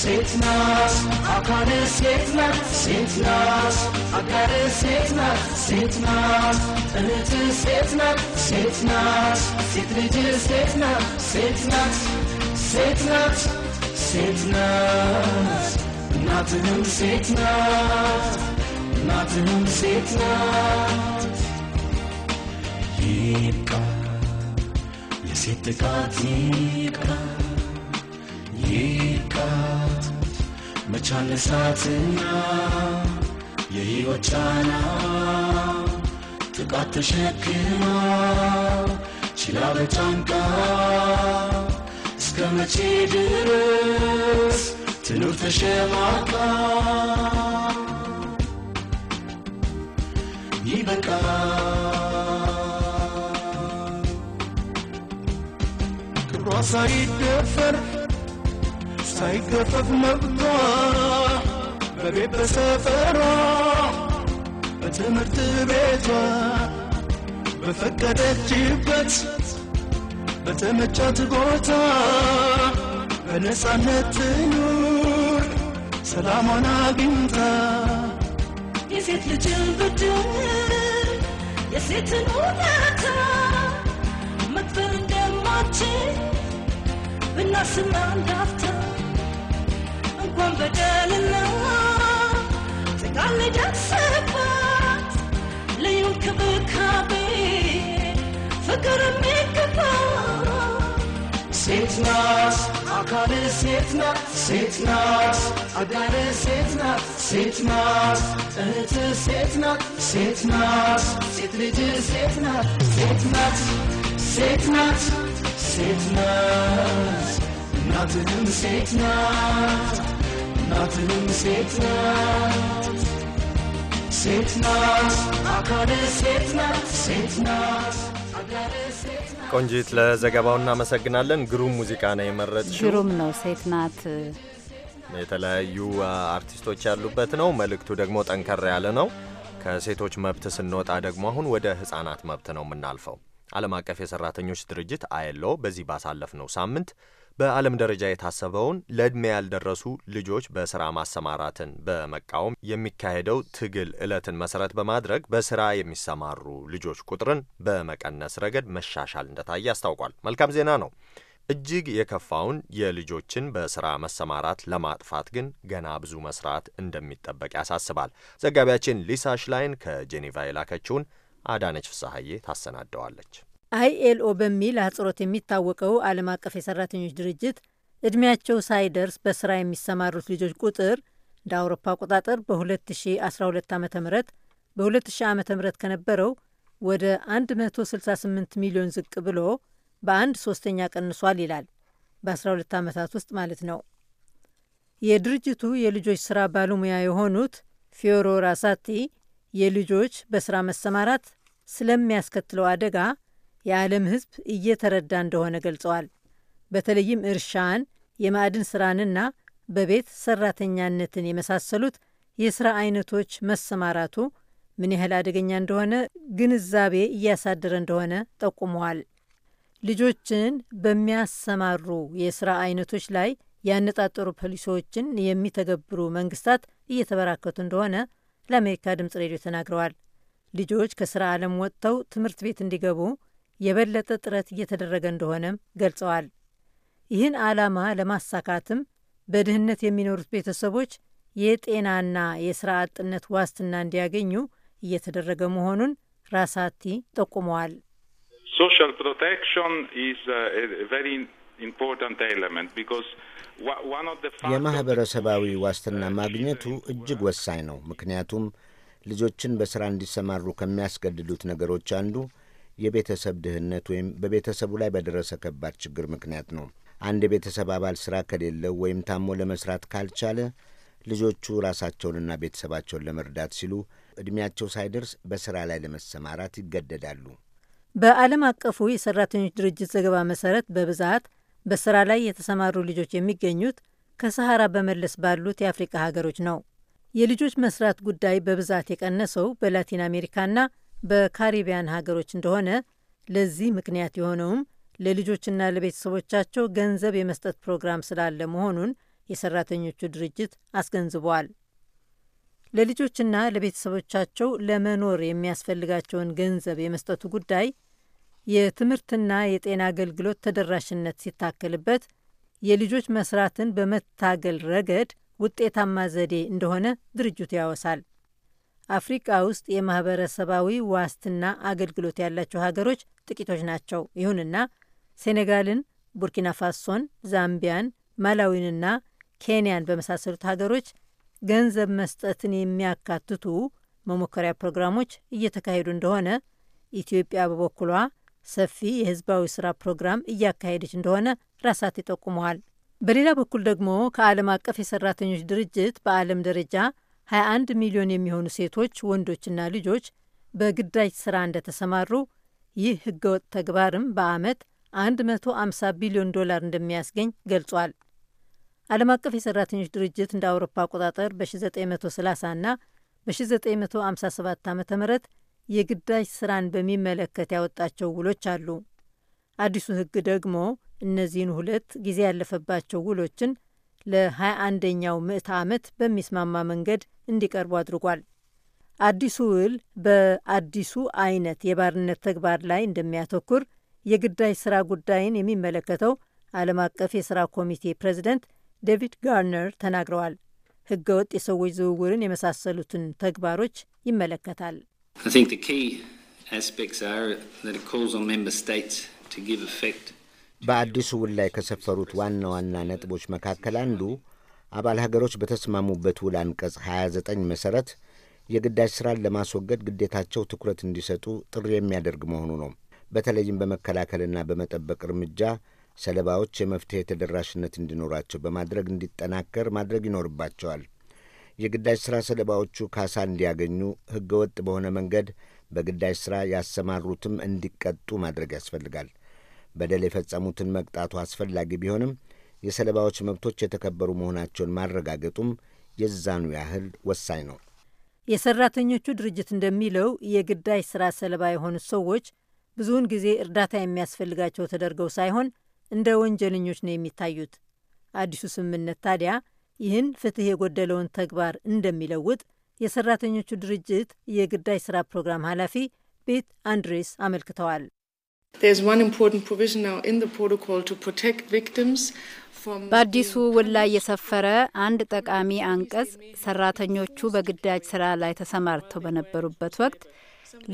sit sit sit sit sit sit Sitnas, I got it Sitnas, Sitnas, I got it Sitnas, Sitnas, Rıcı Sitnas, Sitnas, Sitrici Sitnas, Sitnas, Sitnas, Sitnas, Natım Sitnas, Natım Sitnas, Yipka, Yesitka Tika, Yipka, መቻለ እሳትና የሕይወት ጫና ጥቃት ተሸክማ ችላ በጫንቃ እስከ መቼ ድረስ ትኑር ተሸማቃ ይበቃል ክብሯ ሳይደፈር ሳይገፈፍ መብቷ በቤት በሰፈሯ በትምህርት ቤቷ በፈቀደችበት በተመቻት ቦታ በነፃነት ትኑር ሰላሟን አግኝታ የሴት ልጅን ብድር የሴትን ውለታ መክፈል እንደማችን ብናስና እንዳፍታ ወንበደልና ስቃል ደስባት ልዩ እንክብካቤ ፍቅር የሚገባ ሴት ናት አካል ሴት ናት ሴት ናት አጋር ሴት ናት ሴት ናት እህት ሴት ናት ሴት ናት ሴት ልጅ ሴት ናት ሴት ናት ሴት ናት ሴት ናት እናትንም ሴት ናት እናትህም ሴት ናት ሴት ናት ሴት ናት ሴት ናት ቆንጂት ለዘገባው እናመሰግናለን። ግሩም ሙዚቃ ነው የመረጥሽው። ግሩም ነው። ሴት ናት የተለያዩ አርቲስቶች ያሉበት ነው። መልእክቱ ደግሞ ጠንከር ያለ ነው። ከሴቶች መብት ስንወጣ ደግሞ አሁን ወደ ህጻናት መብት ነው የምናልፈው። ዓለም አቀፍ የሰራተኞች ድርጅት አይሎ በዚህ ባሳለፍነው ሳምንት በዓለም ደረጃ የታሰበውን ለዕድሜ ያልደረሱ ልጆች በስራ ማሰማራትን በመቃወም የሚካሄደው ትግል ዕለትን መሰረት በማድረግ በስራ የሚሰማሩ ልጆች ቁጥርን በመቀነስ ረገድ መሻሻል እንደታየ አስታውቋል። መልካም ዜና ነው። እጅግ የከፋውን የልጆችን በስራ መሰማራት ለማጥፋት ግን ገና ብዙ መስራት እንደሚጠበቅ ያሳስባል። ዘጋቢያችን ሊሳ ሽላይን ከጄኔቫ የላከችውን አዳነች ፍስሐዬ ታሰናደዋለች። አይኤልኦ በሚል አጽሮት የሚታወቀው ዓለም አቀፍ የሰራተኞች ድርጅት እድሜያቸው ሳይደርስ በስራ የሚሰማሩት ልጆች ቁጥር እንደ አውሮፓ አቆጣጠር በ2012 ዓ ም በ2000 ዓ ም ከነበረው ወደ 168 ሚሊዮን ዝቅ ብሎ በአንድ ሶስተኛ ቀንሷል ይላል። በ12 ዓመታት ውስጥ ማለት ነው። የድርጅቱ የልጆች ስራ ባለሙያ የሆኑት ፊዮሮ ራሳቲ የልጆች በስራ መሰማራት ስለሚያስከትለው አደጋ የዓለም ሕዝብ እየተረዳ እንደሆነ ገልጸዋል። በተለይም እርሻን፣ የማዕድን ስራንና በቤት ሰራተኛነትን የመሳሰሉት የስራ አይነቶች መሰማራቱ ምን ያህል አደገኛ እንደሆነ ግንዛቤ እያሳደረ እንደሆነ ጠቁመዋል። ልጆችን በሚያሰማሩ የስራ አይነቶች ላይ ያነጣጠሩ ፖሊሲዎችን የሚተገብሩ መንግስታት እየተበራከቱ እንደሆነ ለአሜሪካ ድምፅ ሬዲዮ ተናግረዋል። ልጆች ከስራ ዓለም ወጥተው ትምህርት ቤት እንዲገቡ የበለጠ ጥረት እየተደረገ እንደሆነም ገልጸዋል። ይህን ዓላማ ለማሳካትም በድህነት የሚኖሩት ቤተሰቦች የጤናና የሥራ አጥነት ዋስትና እንዲያገኙ እየተደረገ መሆኑን ራሳቲ ጠቁመዋል። ሶሻል ፕሮቴክሽን ኢዝ ቨሪ የማኅበረሰባዊ ዋስትና uh, ማግኘቱ uh, እጅግ ወሳኝ ነው። ምክንያቱም ልጆችን በሥራ እንዲሰማሩ ከሚያስገድዱት ነገሮች አንዱ የቤተሰብ ድህነት ወይም በቤተሰቡ ላይ በደረሰ ከባድ ችግር ምክንያት ነው። አንድ የቤተሰብ አባል ሥራ ከሌለው ወይም ታሞ ለመሥራት ካልቻለ ልጆቹ ራሳቸውንና ቤተሰባቸውን ለመርዳት ሲሉ ዕድሜያቸው ሳይደርስ በሥራ ላይ ለመሰማራት ይገደዳሉ። በዓለም አቀፉ የሠራተኞች ድርጅት ዘገባ መሠረት በብዛት በስራ ላይ የተሰማሩ ልጆች የሚገኙት ከሰሃራ በመለስ ባሉት የአፍሪቃ ሀገሮች ነው። የልጆች መስራት ጉዳይ በብዛት የቀነሰው በላቲን አሜሪካና በካሪቢያን ሀገሮች እንደሆነ፣ ለዚህ ምክንያት የሆነውም ለልጆችና ለቤተሰቦቻቸው ገንዘብ የመስጠት ፕሮግራም ስላለ መሆኑን የሰራተኞቹ ድርጅት አስገንዝበዋል። ለልጆችና ለቤተሰቦቻቸው ለመኖር የሚያስፈልጋቸውን ገንዘብ የመስጠቱ ጉዳይ የትምህርትና የጤና አገልግሎት ተደራሽነት ሲታከልበት የልጆች መስራትን በመታገል ረገድ ውጤታማ ዘዴ እንደሆነ ድርጅቱ ያወሳል። አፍሪቃ ውስጥ የማህበረሰባዊ ዋስትና አገልግሎት ያላቸው ሀገሮች ጥቂቶች ናቸው። ይሁንና ሴኔጋልን፣ ቡርኪና ፋሶን፣ ዛምቢያን፣ ማላዊንና ኬንያን በመሳሰሉት ሀገሮች ገንዘብ መስጠትን የሚያካትቱ መሞከሪያ ፕሮግራሞች እየተካሄዱ እንደሆነ ኢትዮጵያ በበኩሏ ሰፊ የህዝባዊ ስራ ፕሮግራም እያካሄደች እንደሆነ ራሳት ይጠቁመዋል። በሌላ በኩል ደግሞ ከዓለም አቀፍ የሰራተኞች ድርጅት በዓለም ደረጃ 21 ሚሊዮን የሚሆኑ ሴቶች ወንዶችና ልጆች በግዳጅ ስራ እንደተሰማሩ፣ ይህ ህገወጥ ተግባርም በአመት 150 ቢሊዮን ዶላር እንደሚያስገኝ ገልጿል። ዓለም አቀፍ የሰራተኞች ድርጅት እንደ አውሮፓ አቆጣጠር በ1930 ና በ1957 ዓ ም የግዳጅ ስራን በሚመለከት ያወጣቸው ውሎች አሉ። አዲሱ ህግ ደግሞ እነዚህን ሁለት ጊዜ ያለፈባቸው ውሎችን ለ21ኛው ምዕተ ዓመት በሚስማማ መንገድ እንዲቀርቡ አድርጓል። አዲሱ ውል በአዲሱ አይነት የባርነት ተግባር ላይ እንደሚያተኩር የግዳጅ ስራ ጉዳይን የሚመለከተው ዓለም አቀፍ የስራ ኮሚቴ ፕሬዚደንት ዴቪድ ጋርነር ተናግረዋል። ህገወጥ የሰዎች ዝውውርን የመሳሰሉትን ተግባሮች ይመለከታል። I think the key aspects are that it calls on member states to give effect በአዲሱ ውል ላይ ከሰፈሩት ዋና ዋና ነጥቦች መካከል አንዱ አባል ሀገሮች በተስማሙበት ውል አንቀጽ 29 መሠረት የግዳጅ ሥራን ለማስወገድ ግዴታቸው ትኩረት እንዲሰጡ ጥሪ የሚያደርግ መሆኑ ነው። በተለይም በመከላከልና በመጠበቅ እርምጃ ሰለባዎች የመፍትሔ ተደራሽነት እንዲኖራቸው በማድረግ እንዲጠናከር ማድረግ ይኖርባቸዋል። የግዳጅ ሥራ ሰለባዎቹ ካሳ እንዲያገኙ ወጥ በሆነ መንገድ በግዳጅ ሥራ ያሰማሩትም እንዲቀጡ ማድረግ ያስፈልጋል። በደል የፈጸሙትን መቅጣቱ አስፈላጊ ቢሆንም የሰለባዎች መብቶች የተከበሩ መሆናቸውን ማረጋገጡም የዛኑ ያህል ወሳኝ ነው። የሰራተኞቹ ድርጅት እንደሚለው የግዳጅ ሥራ ሰለባ የሆኑት ሰዎች ብዙውን ጊዜ እርዳታ የሚያስፈልጋቸው ተደርገው ሳይሆን እንደ ወንጀለኞች ነው የሚታዩት። አዲሱ ስምምነት ታዲያ ይህን ፍትህ የጎደለውን ተግባር እንደሚለውጥ የሰራተኞቹ ድርጅት የግዳጅ ስራ ፕሮግራም ኃላፊ ቤት አንድሬስ አመልክተዋል። በአዲሱ ውል ላይ የሰፈረ አንድ ጠቃሚ አንቀጽ ሰራተኞቹ በግዳጅ ስራ ላይ ተሰማርተው በነበሩበት ወቅት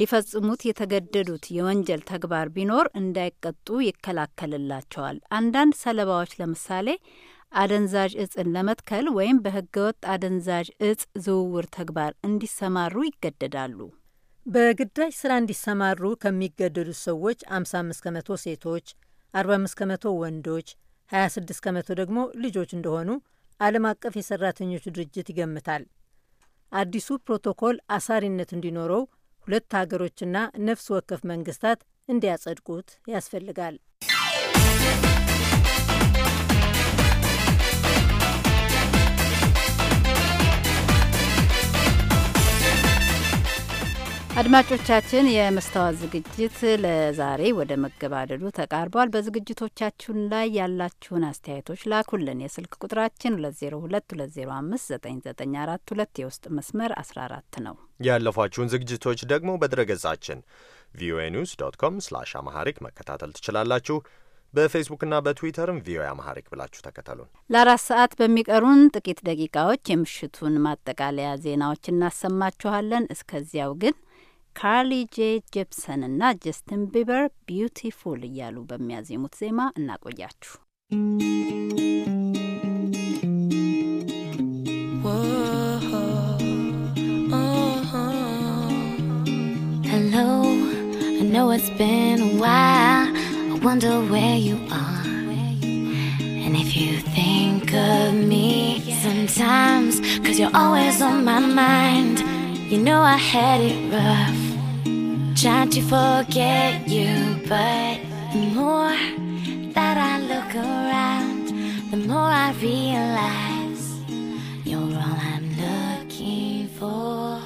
ሊፈጽሙት የተገደዱት የወንጀል ተግባር ቢኖር እንዳይቀጡ ይከላከልላቸዋል። አንዳንድ ሰለባዎች ለምሳሌ አደንዛዥ እጽን ለመትከል ወይም በህገወጥ አደንዛዥ እጽ ዝውውር ተግባር እንዲሰማሩ ይገደዳሉ። በግዳጅ ስራ እንዲሰማሩ ከሚገደዱ ሰዎች 55 ከመቶ ሴቶች፣ 45 ከመቶ ወንዶች፣ 26 ከመቶ ደግሞ ልጆች እንደሆኑ ዓለም አቀፍ የሰራተኞች ድርጅት ይገምታል። አዲሱ ፕሮቶኮል አሳሪነት እንዲኖረው ሁለት ሀገሮችና ነፍስ ወከፍ መንግስታት እንዲያጸድቁት ያስፈልጋል። አድማጮቻችን የመስታወት ዝግጅት ለዛሬ ወደ መገባደዱ ተቃርቧል። በዝግጅቶቻችሁን ላይ ያላችሁን አስተያየቶች ላኩልን። የስልክ ቁጥራችን 2022059942 የውስጥ መስመር 14 ነው። ያለፏችሁን ዝግጅቶች ደግሞ በድረገጻችን ቪኦኤ ኒውስ ዶት ኮም ስላሽ አማሐሪክ መከታተል ትችላላችሁ። በፌስቡክና በትዊተርም ቪኦኤ አማሐሪክ ብላችሁ ተከተሉን። ለአራት ሰዓት በሚቀሩን ጥቂት ደቂቃዎች የምሽቱን ማጠቃለያ ዜናዎች እናሰማችኋለን። እስከዚያው ግን ካርሊ ጄ ጄፕሰን እና ጀስትን ቢበር ቢዩቲፉል እያሉ በሚያዜሙት ዜማ እናቆያችሁ። Hello, I know it's been a while. I wonder where you are. And if you think of me sometimes, cause you're always on my mind. You know I had it rough. Trying to forget you, but the more that I look around, the more I realize you're all I'm looking for.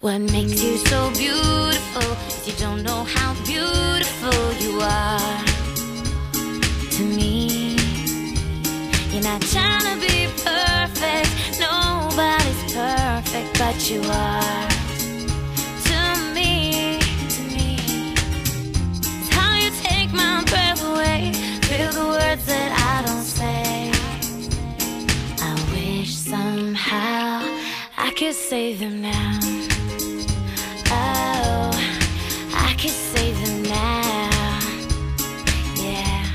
What makes you so beautiful you don't know how beautiful you are to me? You're not trying to be perfect, nobody's perfect, but you are. could save them now. Oh, I could save them now. Yeah.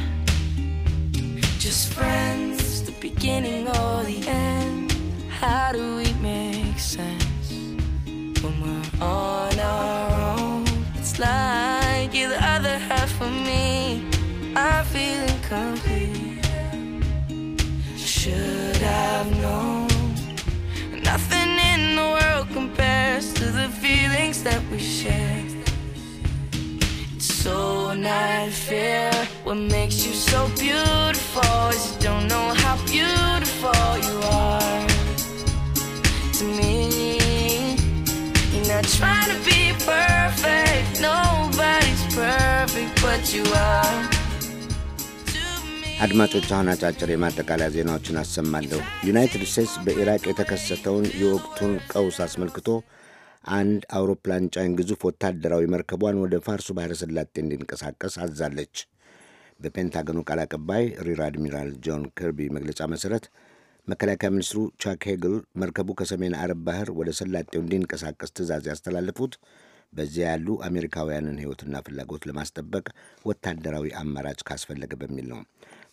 Just friends, the beginning or the end. How do we make sense when we're on our own? It's like that we share. It's so not fair. What makes you so beautiful is you don't know how beautiful you are to me. You're not trying to be perfect. Nobody's perfect, but you are. አድማጮች አሁን አጫጭር የማጠቃለያ ዜናዎችን አሰማለሁ። ዩናይትድ ስቴትስ በኢራቅ የተከሰተውን የወቅቱን ቀውስ አስመልክቶ አንድ አውሮፕላን ጫኝ ግዙፍ ወታደራዊ መርከቧን ወደ ፋርሱ ባሕረ ሰላጤ እንዲንቀሳቀስ አዛለች። በፔንታገኑ ቃል አቀባይ ሪር አድሚራል ጆን ከርቢ መግለጫ መሠረት መከላከያ ሚኒስትሩ ቻክ ሄግል መርከቡ ከሰሜን አረብ ባህር ወደ ሰላጤው እንዲንቀሳቀስ ትዕዛዝ ያስተላለፉት በዚያ ያሉ አሜሪካውያንን ሕይወትና ፍላጎት ለማስጠበቅ ወታደራዊ አማራጭ ካስፈለገ በሚል ነው።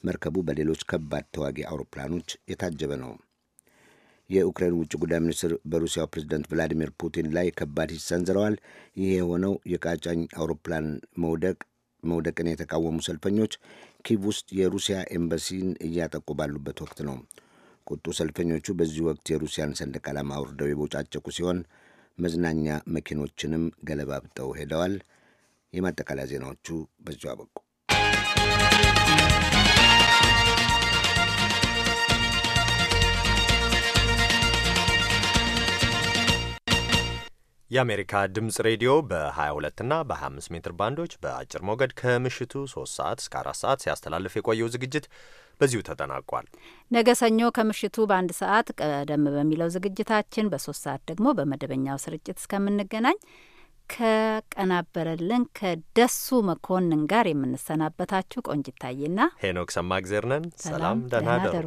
መርከቡ በሌሎች ከባድ ተዋጊ አውሮፕላኖች የታጀበ ነው። የዩክሬን ውጭ ጉዳይ ሚኒስትር በሩሲያው ፕሬዝደንት ቭላዲሚር ፑቲን ላይ ከባድ ሂስ ሰንዝረዋል። ይህ የሆነው የቃጫኝ አውሮፕላን መውደቅ መውደቅን የተቃወሙ ሰልፈኞች ኪቭ ውስጥ የሩሲያ ኤምባሲን እያጠቁ ባሉበት ወቅት ነው። ቁጡ ሰልፈኞቹ በዚህ ወቅት የሩሲያን ሰንደቅ ዓላማ አውርደው የቦጫጨቁ ሲሆን መዝናኛ መኪኖችንም ገለባብጠው ሄደዋል። የማጠቃለያ ዜናዎቹ በዚሁ አበቁ። የአሜሪካ ድምፅ ሬዲዮ በ22 እና በ25 ሜትር ባንዶች በአጭር ሞገድ ከምሽቱ 3 ሰዓት እስከ 4 ሰዓት ሲያስተላልፍ የቆየው ዝግጅት በዚሁ ተጠናቋል። ነገ ሰኞ ከምሽቱ በአንድ ሰዓት ቀደም በሚለው ዝግጅታችን በሶስት ሰዓት ደግሞ በመደበኛው ስርጭት እስከምንገናኝ ከቀናበረልን ከደሱ መኮንን ጋር የምንሰናበታችሁ ቆንጅታዬና ሄኖክ ሰማግዜር ነን። ሰላም፣ ደህና ደሩ።